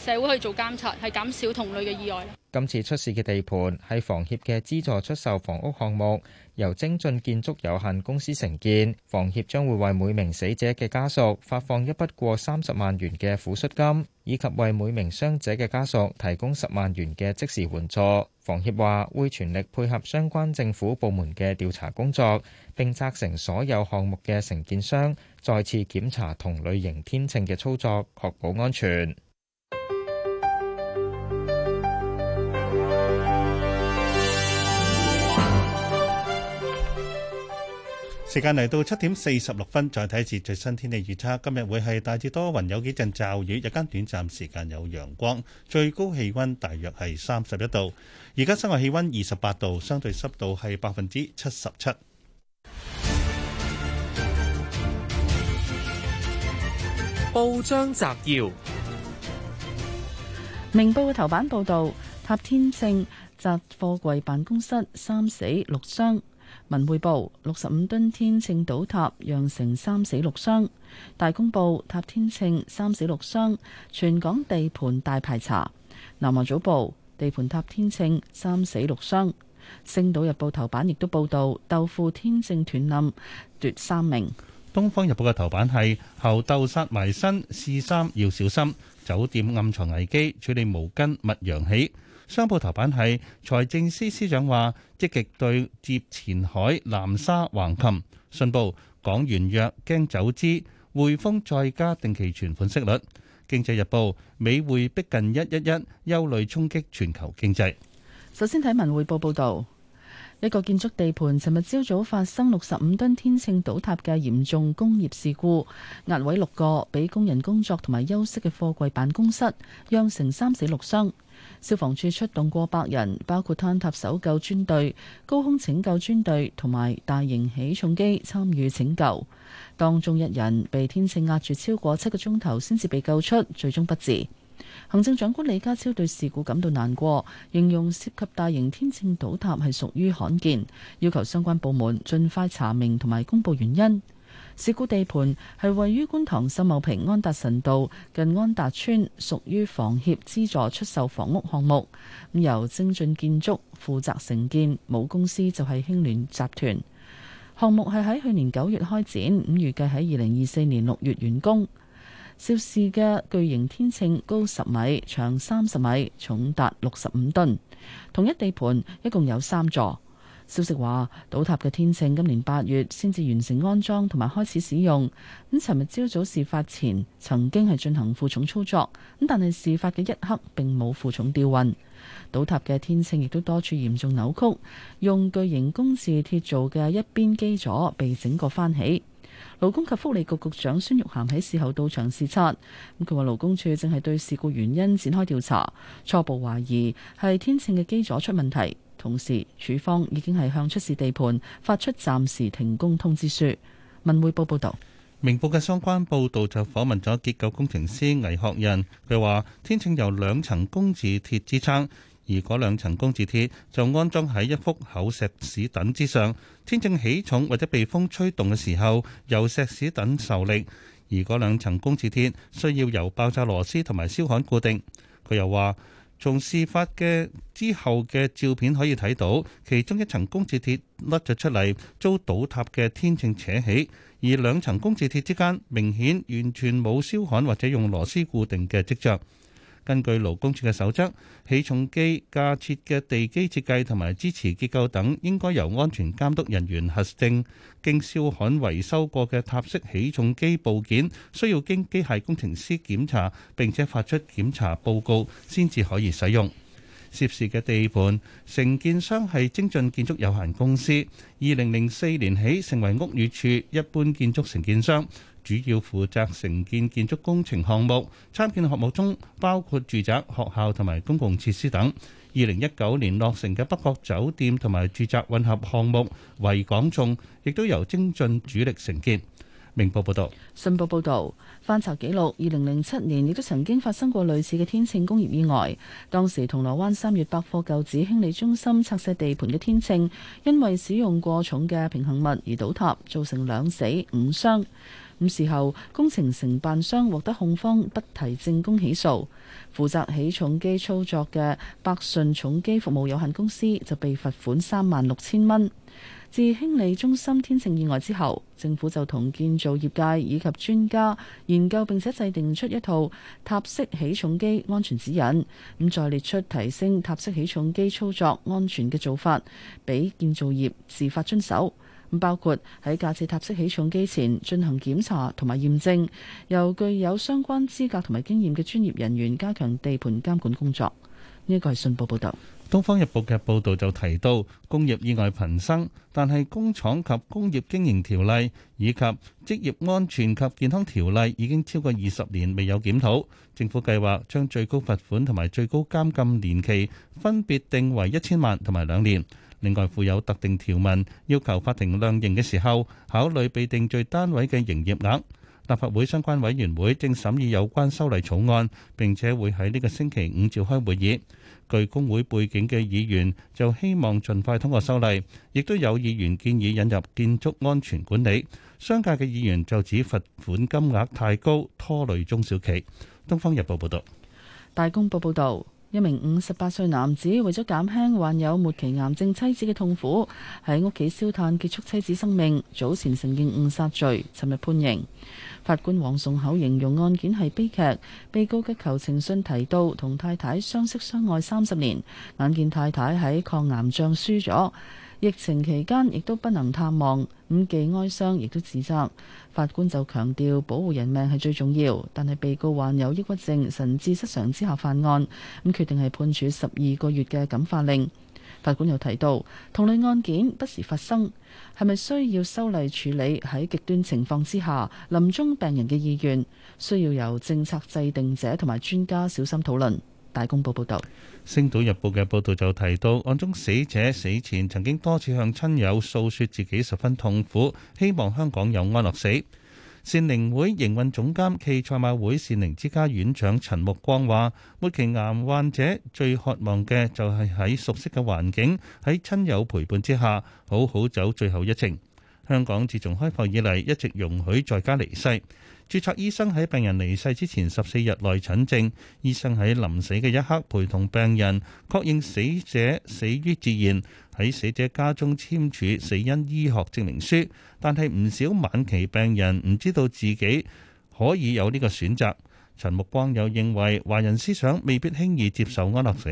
社會去做監察，係減少同類嘅意外。今次出事嘅地盤係房協嘅資助出售房屋項目，由精進建築有限公司承建。房協將會為每名死者嘅家屬發放一筆過三十萬元嘅撫恤金，以及為每名傷者嘅家屬提供十萬元嘅即時援助。房協話會全力配合相關政府部門嘅調查工作，並責成所有項目嘅承建商再次檢查同類型天秤嘅操作，確保安全。時間嚟到七點四十六分，再睇一節最新天氣預測。今日會係大致多雲，有幾陣驟雨，日間短暫時間有陽光，最高氣溫大約係三十一度。而家室外氣溫二十八度，相對濕度係百分之七十七。報章摘要：明報嘅頭版報道，塔天正集貨櫃辦公室 3, 4,，三死六傷。文匯報：六十五噸天秤倒塌，釀成三死六傷。大公報：塌天秤，三死六傷。全港地盤大排查。南華早報：地盤塌天秤，三死六傷。星島日報頭版亦都報道，豆腐天秤斷冧，奪三命。東方日報嘅頭版係：後鬥殺埋身，試衫要小心。酒店暗藏危機，處理毛巾勿揚起。商報頭版係財政司司長話，積極對接前海、南沙、橫琴。信報港元弱，驚走資；匯豐再加定期存款息率。經濟日報美匯逼近一一一，憂慮衝擊全球經濟。首先睇文匯報報導，一個建築地盤尋日朝早發生六十五噸天秤倒塌嘅嚴重工業事故，壓毀六個俾工人工作同埋休息嘅貨櫃辦公室，釀成三死六傷。消防處出動過百人，包括坍塌搜救專隊、高空拯救專隊同埋大型起重機參與拯救。當中一人被天秤壓住超過七個鐘頭，先至被救出，最終不治。行政長官李家超對事故感到難過，形容涉及大型天秤倒塌係屬於罕見，要求相關部門盡快查明同埋公佈原因。事故地盤係位於觀塘秀茂坪安達臣道近安達邨，屬於房協資助出售房屋項目。咁由精進建築負責承建，母公司就係興聯集團。項目係喺去年九月開展，咁預計喺二零二四年六月完工。涉事嘅巨型天秤高十米，長三十米，重達六十五噸。同一地盤一共有三座。消息話，倒塌嘅天秤今年八月先至完成安裝同埋開始使用。咁尋日朝早事發前曾經係進行負重操作，咁但係事發嘅一刻並冇負重吊運。倒塌嘅天秤亦都多處嚴重扭曲，用巨型工字鐵做嘅一邊基座被整個翻起。勞工及福利局局，局長孫玉菡喺事後到場視察，佢話勞工處正係對事故原因展開調查，初步懷疑係天秤嘅基座出問題。同時，處方已經係向出事地盤發出暫時停工通知書。文匯報報道，明報嘅相關報導就訪問咗結構工程師魏學仁，佢話：天秤由兩層工字鐵支撐，而嗰兩層工字鐵就安裝喺一幅厚石屎等之上。天秤起重或者被風吹動嘅時候，由石屎等受力，而嗰兩層工字鐵需要由爆炸螺絲同埋燒焊固定。佢又話，從事發嘅之後嘅照片可以睇到，其中一層工字鐵甩咗出嚟，遭倒塌嘅天秤扯起，而兩層工字鐵之間明顯完全冇燒焊或者用螺絲固定嘅跡象。根據勞工處嘅守則，起重機架設嘅地基設計同埋支持結構等，應該由安全監督人員核證。經燒焊維修過嘅塔式起重機部件，需要經機械工程師檢查並且發出檢查報告，先至可以使用。涉事嘅地盤承建商係精進建築有限公司，二零零四年起成為屋宇署一般建築承建商。主要負責承建建築工程項目，參建項目中包括住宅、學校同埋公共設施等。二零一九年落成嘅北角酒店同埋住宅混合項目維港眾，亦都由精進主力承建。明報報道。信報報道，翻查記錄，二零零七年亦都曾經發生過類似嘅天秤工業意外。當時銅鑼灣三越百貨舊址興利中心拆卸地盤嘅天秤，因為使用過重嘅平衡物而倒塌，造成兩死五傷。咁事後，工程承辦商獲得控方不提證供起訴，負責起重機操作嘅百順重機服務有限公司就被罰款三萬六千蚊。自興利中心天秤意外之後，政府就同建造業界以及專家研究，並且制定出一套塔式起重機安全指引，咁再列出提升塔式起重機操作安全嘅做法，俾建造業自發遵守。包括喺架設塔式起重機前進行檢查同埋驗證，由具有相關資格同埋經驗嘅專業人員加強地盤監管工作。呢個係信報報導，《東方日報》嘅報導就提到，工業意外頻生，但係工廠及工業經營條例以及職業安全及健康條例已經超過二十年未有檢討。政府計劃將最高罰款同埋最高監禁年期分別定為一千萬同埋兩年。另外附有特定條文，要求法庭量刑嘅時候考慮被定罪單位嘅營業額。立法會相關委員會正審議有關修例草案，並且會喺呢個星期五召開會議。具工會背景嘅議員就希望盡快通過修例，亦都有議員建議引入建築安全管理。商界嘅議員就指罰款金額太高，拖累中小企。《東方日報》報導，《大公報》報導。一名五十八歲男子為咗減輕患有末期癌症妻子嘅痛苦，喺屋企燒炭結束妻子生命，早前承認誤殺罪，尋日判刑。法官黃崇厚形容案件係悲劇。被告嘅求情信提到，同太太相識相愛三十年，眼見太太喺抗癌仗輸咗。疫情期間亦都不能探望，五既哀傷亦都自責。法官就強調保護人命係最重要，但係被告患有抑鬱症、神志失常之下犯案，咁決定係判處十二個月嘅感化令。法官又提到，同類案件不時發生，係咪需要修例處理喺極端情況之下臨終病人嘅意願，需要由政策制定者同埋專家小心討論。大公報報道。星島日報嘅報道就提到，案中死者死前曾經多次向親友訴說自己十分痛苦，希望香港有安樂死。善寧會營運總監暨賽馬會善寧之家院長陳木光話：末期癌患者最渴望嘅就係喺熟悉嘅環境、喺親友陪伴之下，好好走最後一程。香港自從開埠以嚟，一直容許在家離世。注冊醫生喺病人離世之前十四日內診症，醫生喺臨死嘅一刻陪同病人，確認死者死於自然，喺死者家中簽署死因醫學證明書。但係唔少晚期病人唔知道自己可以有呢個選擇。陳木光又認為，華人思想未必輕易接受安樂死，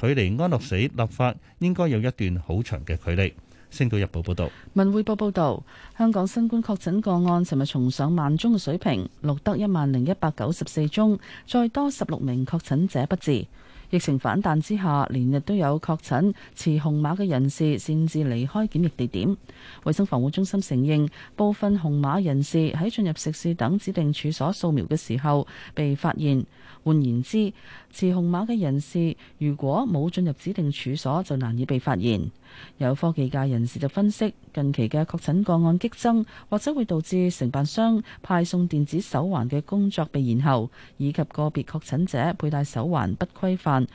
距離安樂死立法應該有一段好長嘅距離。星島日報報道，文匯報報道，香港新冠確診個案尋日重上萬宗嘅水平，錄得一萬零一百九十四宗，再多十六名確診者不治。疫情反彈之下，連日都有確診持紅碼嘅人士擅自離開檢疫地點。衛生防護中心承認，部分紅碼人士喺進入食肆等指定處所掃描嘅時候被發現。換言之，持紅碼嘅人士如果冇進入指定處所，就難以被發現。有科技界人士就分析，近期嘅確診個案激增，或者會導致承辦商派送電子手環嘅工作被延後，以及個別確診者佩戴手環不規範，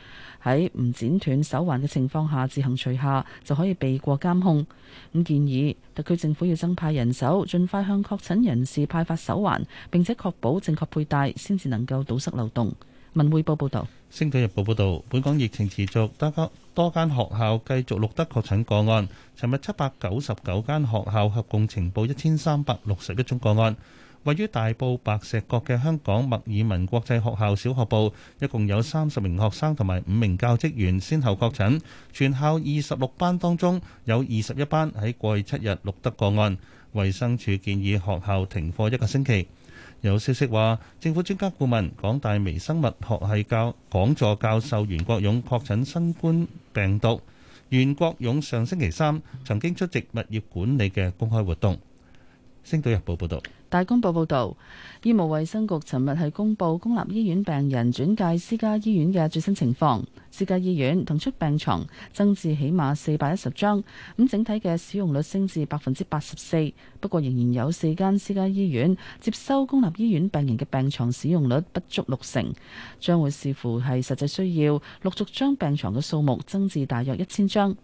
喺唔剪斷手環嘅情況下自行除下就可以避過監控。咁建議特區政府要增派人手，盡快向確診人士派發手環，並且確保正確佩戴，先至能夠堵塞漏洞。文匯報報道，星島日報報道，本港疫情持續，多間多間學校繼續錄得確診個案。尋日七百九十九間學校合共呈報一千三百六十一宗個案。位於大埔白石角嘅香港墨爾文國際學校小學部，一共有三十名學生同埋五名教職員先後確診。全校二十六班當中，有二十一班喺過去七日錄得個案。衛生署建議學校停課一個星期。有消息話，政府專家顧問、港大微生物學系教講座教授袁國勇確診新冠病毒。袁國勇上星期三曾經出席物業管理嘅公開活動。星島日報報道。大公報報道，醫務衛生局尋日係公布公立醫院病人轉介私家醫院嘅最新情況。私家醫院同出病床增至起碼四百一十張，咁整體嘅使用率升至百分之八十四。不過仍然有四間私家醫院接收公立醫院病人嘅病床使用率不足六成，將會視乎係實際需要，陸續將病床嘅數目增至大約一千張。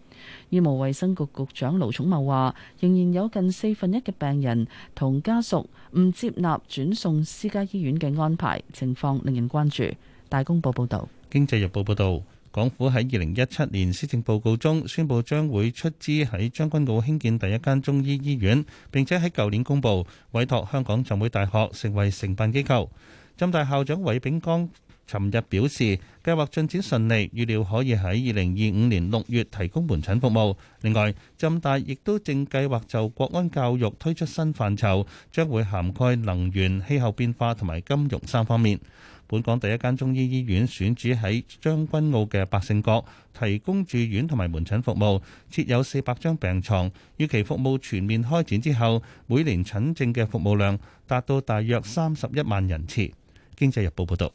醫務衛生局局長盧寵茂話：仍然有近四分一嘅病人同家屬唔接納轉送私家醫院嘅安排，情況令人關注。大公報報道。經濟日報報道。港府喺二零一七年施政報告中宣布將會出資喺將軍澳興建第一間中醫醫院，並且喺舊年公布委託香港浸會大學成為承辦機構。浸大校長衛炳江尋日表示，計劃進展順利，預料可以喺二零二五年六月提供門診服務。另外，浸大亦都正計劃就國安教育推出新範疇，將會涵蓋能源、氣候變化同埋金融三方面。本港第一間中醫醫院選址喺將軍澳嘅百勝角，提供住院同埋門診服務，設有四百張病床。預期服務全面開展之後，每年診症嘅服務量達到大約三十一萬人次。經濟日報報道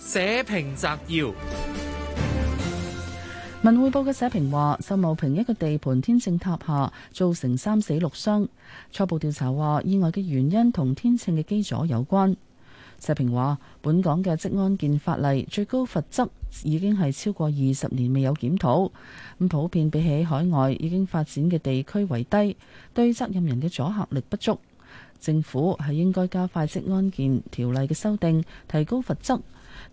社評摘要。文匯報嘅社評話，秀茂坪一個地盤天秤塌下，造成三死六傷。初步調查話，意外嘅原因同天秤嘅基座有關。社評話，本港嘅職安健法例最高罰則已經係超過二十年未有檢討，咁普遍比起海外已經發展嘅地區為低，對責任人嘅阻嚇力不足。政府係應該加快職安健條例嘅修訂，提高罰則，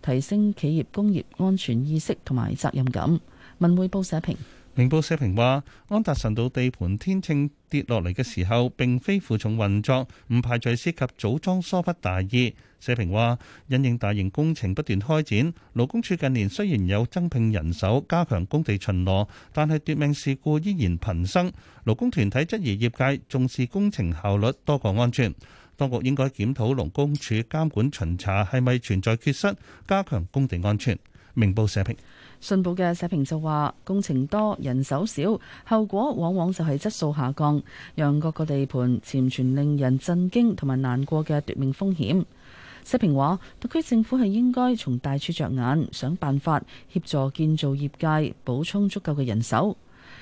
提升企業工業安全意識同埋責任感。文匯報社評：明報社評話，安達臣道地盤天秤跌落嚟嘅時候，並非負重運作，唔排除涉及組裝疏忽大意。社評話，因應大型工程不斷開展，勞工處近年雖然有增聘人手，加強工地巡邏，但係奪命事故依然頻生。勞工團體質疑業界重視工程效率多過安全，當局應該檢討勞工處監管巡查係咪存在缺失，加強工地安全。明報社評。信報嘅社評就話：工程多人手少，後果往往就係質素下降，讓各個地盤潛存令人震驚同埋難過嘅奪命風險。社評話，特區政府係應該從大處着眼，想辦法協助建造業界補充足夠嘅人手。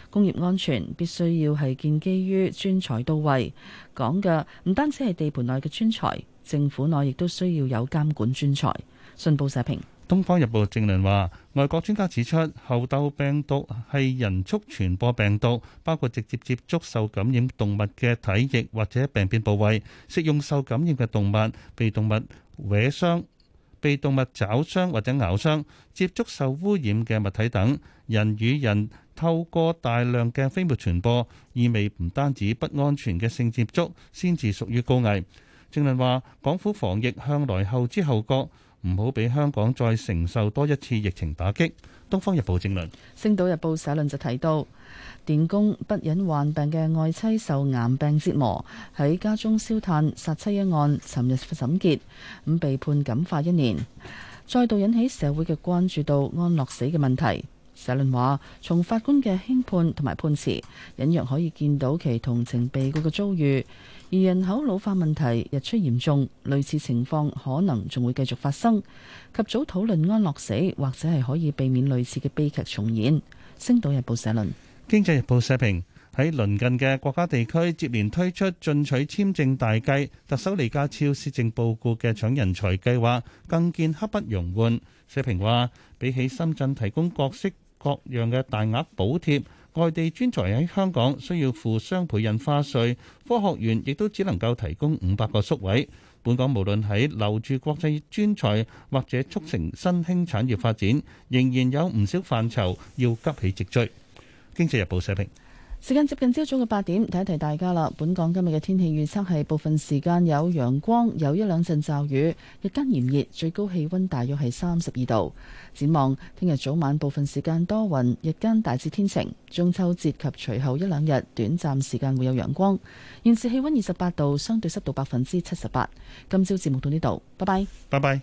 工業安全必須要係建基於專才到位，講嘅唔單止係地盤內嘅專才，政府內亦都需要有監管專才。信報社評。《東方日報》正論話，外國專家指出，猴痘病毒係人畜傳播病毒，包括直接接觸受感染動物嘅體液或者病變部位，食用受感染嘅動物，被動物搲傷、被動物抓傷或者咬傷，接觸受污染嘅物體等。人與人透過大量嘅飛沫傳播，意味唔單止不安全嘅性接觸先至屬於高危。正論話，港府防疫向來後知後覺。唔好俾香港再承受多一次疫情打擊。《東方日報》正論，《星島日報》社論就提到，電工不忍患病嘅愛妻受癌病折磨，喺家中燒炭殺妻一案，尋日審結，咁被判感化一年，再度引起社會嘅關注到安樂死嘅問題。社論話，從法官嘅輕判同埋判詞，隱約可以見到其同情被告嘅遭遇。而人口老化問題日趨嚴重，類似情況可能仲會繼續發生。及早討論安樂死，或者係可以避免類似嘅悲劇重演。星島日報社論。經濟日報社評，喺鄰近嘅國家地區接連推出進取簽證大計，特首李家超施政報告嘅搶人才計劃更見刻不容緩。社評話，比起深圳提供各式各樣嘅大額補貼。外地專才喺香港需要付雙倍印花稅，科學園亦都只能夠提供五百個宿位。本港無論喺留住國際專才或者促成新興產業發展，仍然有唔少範疇要急起直追。經濟日報社評。時間接近朝早嘅八點，提一提大家啦。本港今日嘅天氣預測係部分時間有陽光，有一兩陣驟雨，日間炎熱，最高氣溫大約係三十二度。展望聽日早晚部分時間多雲，日間大致天晴。中秋節及隨後一兩日短暫時間會有陽光。現時氣溫二十八度，相對濕度百分之七十八。今朝節目到呢度，拜拜。拜拜。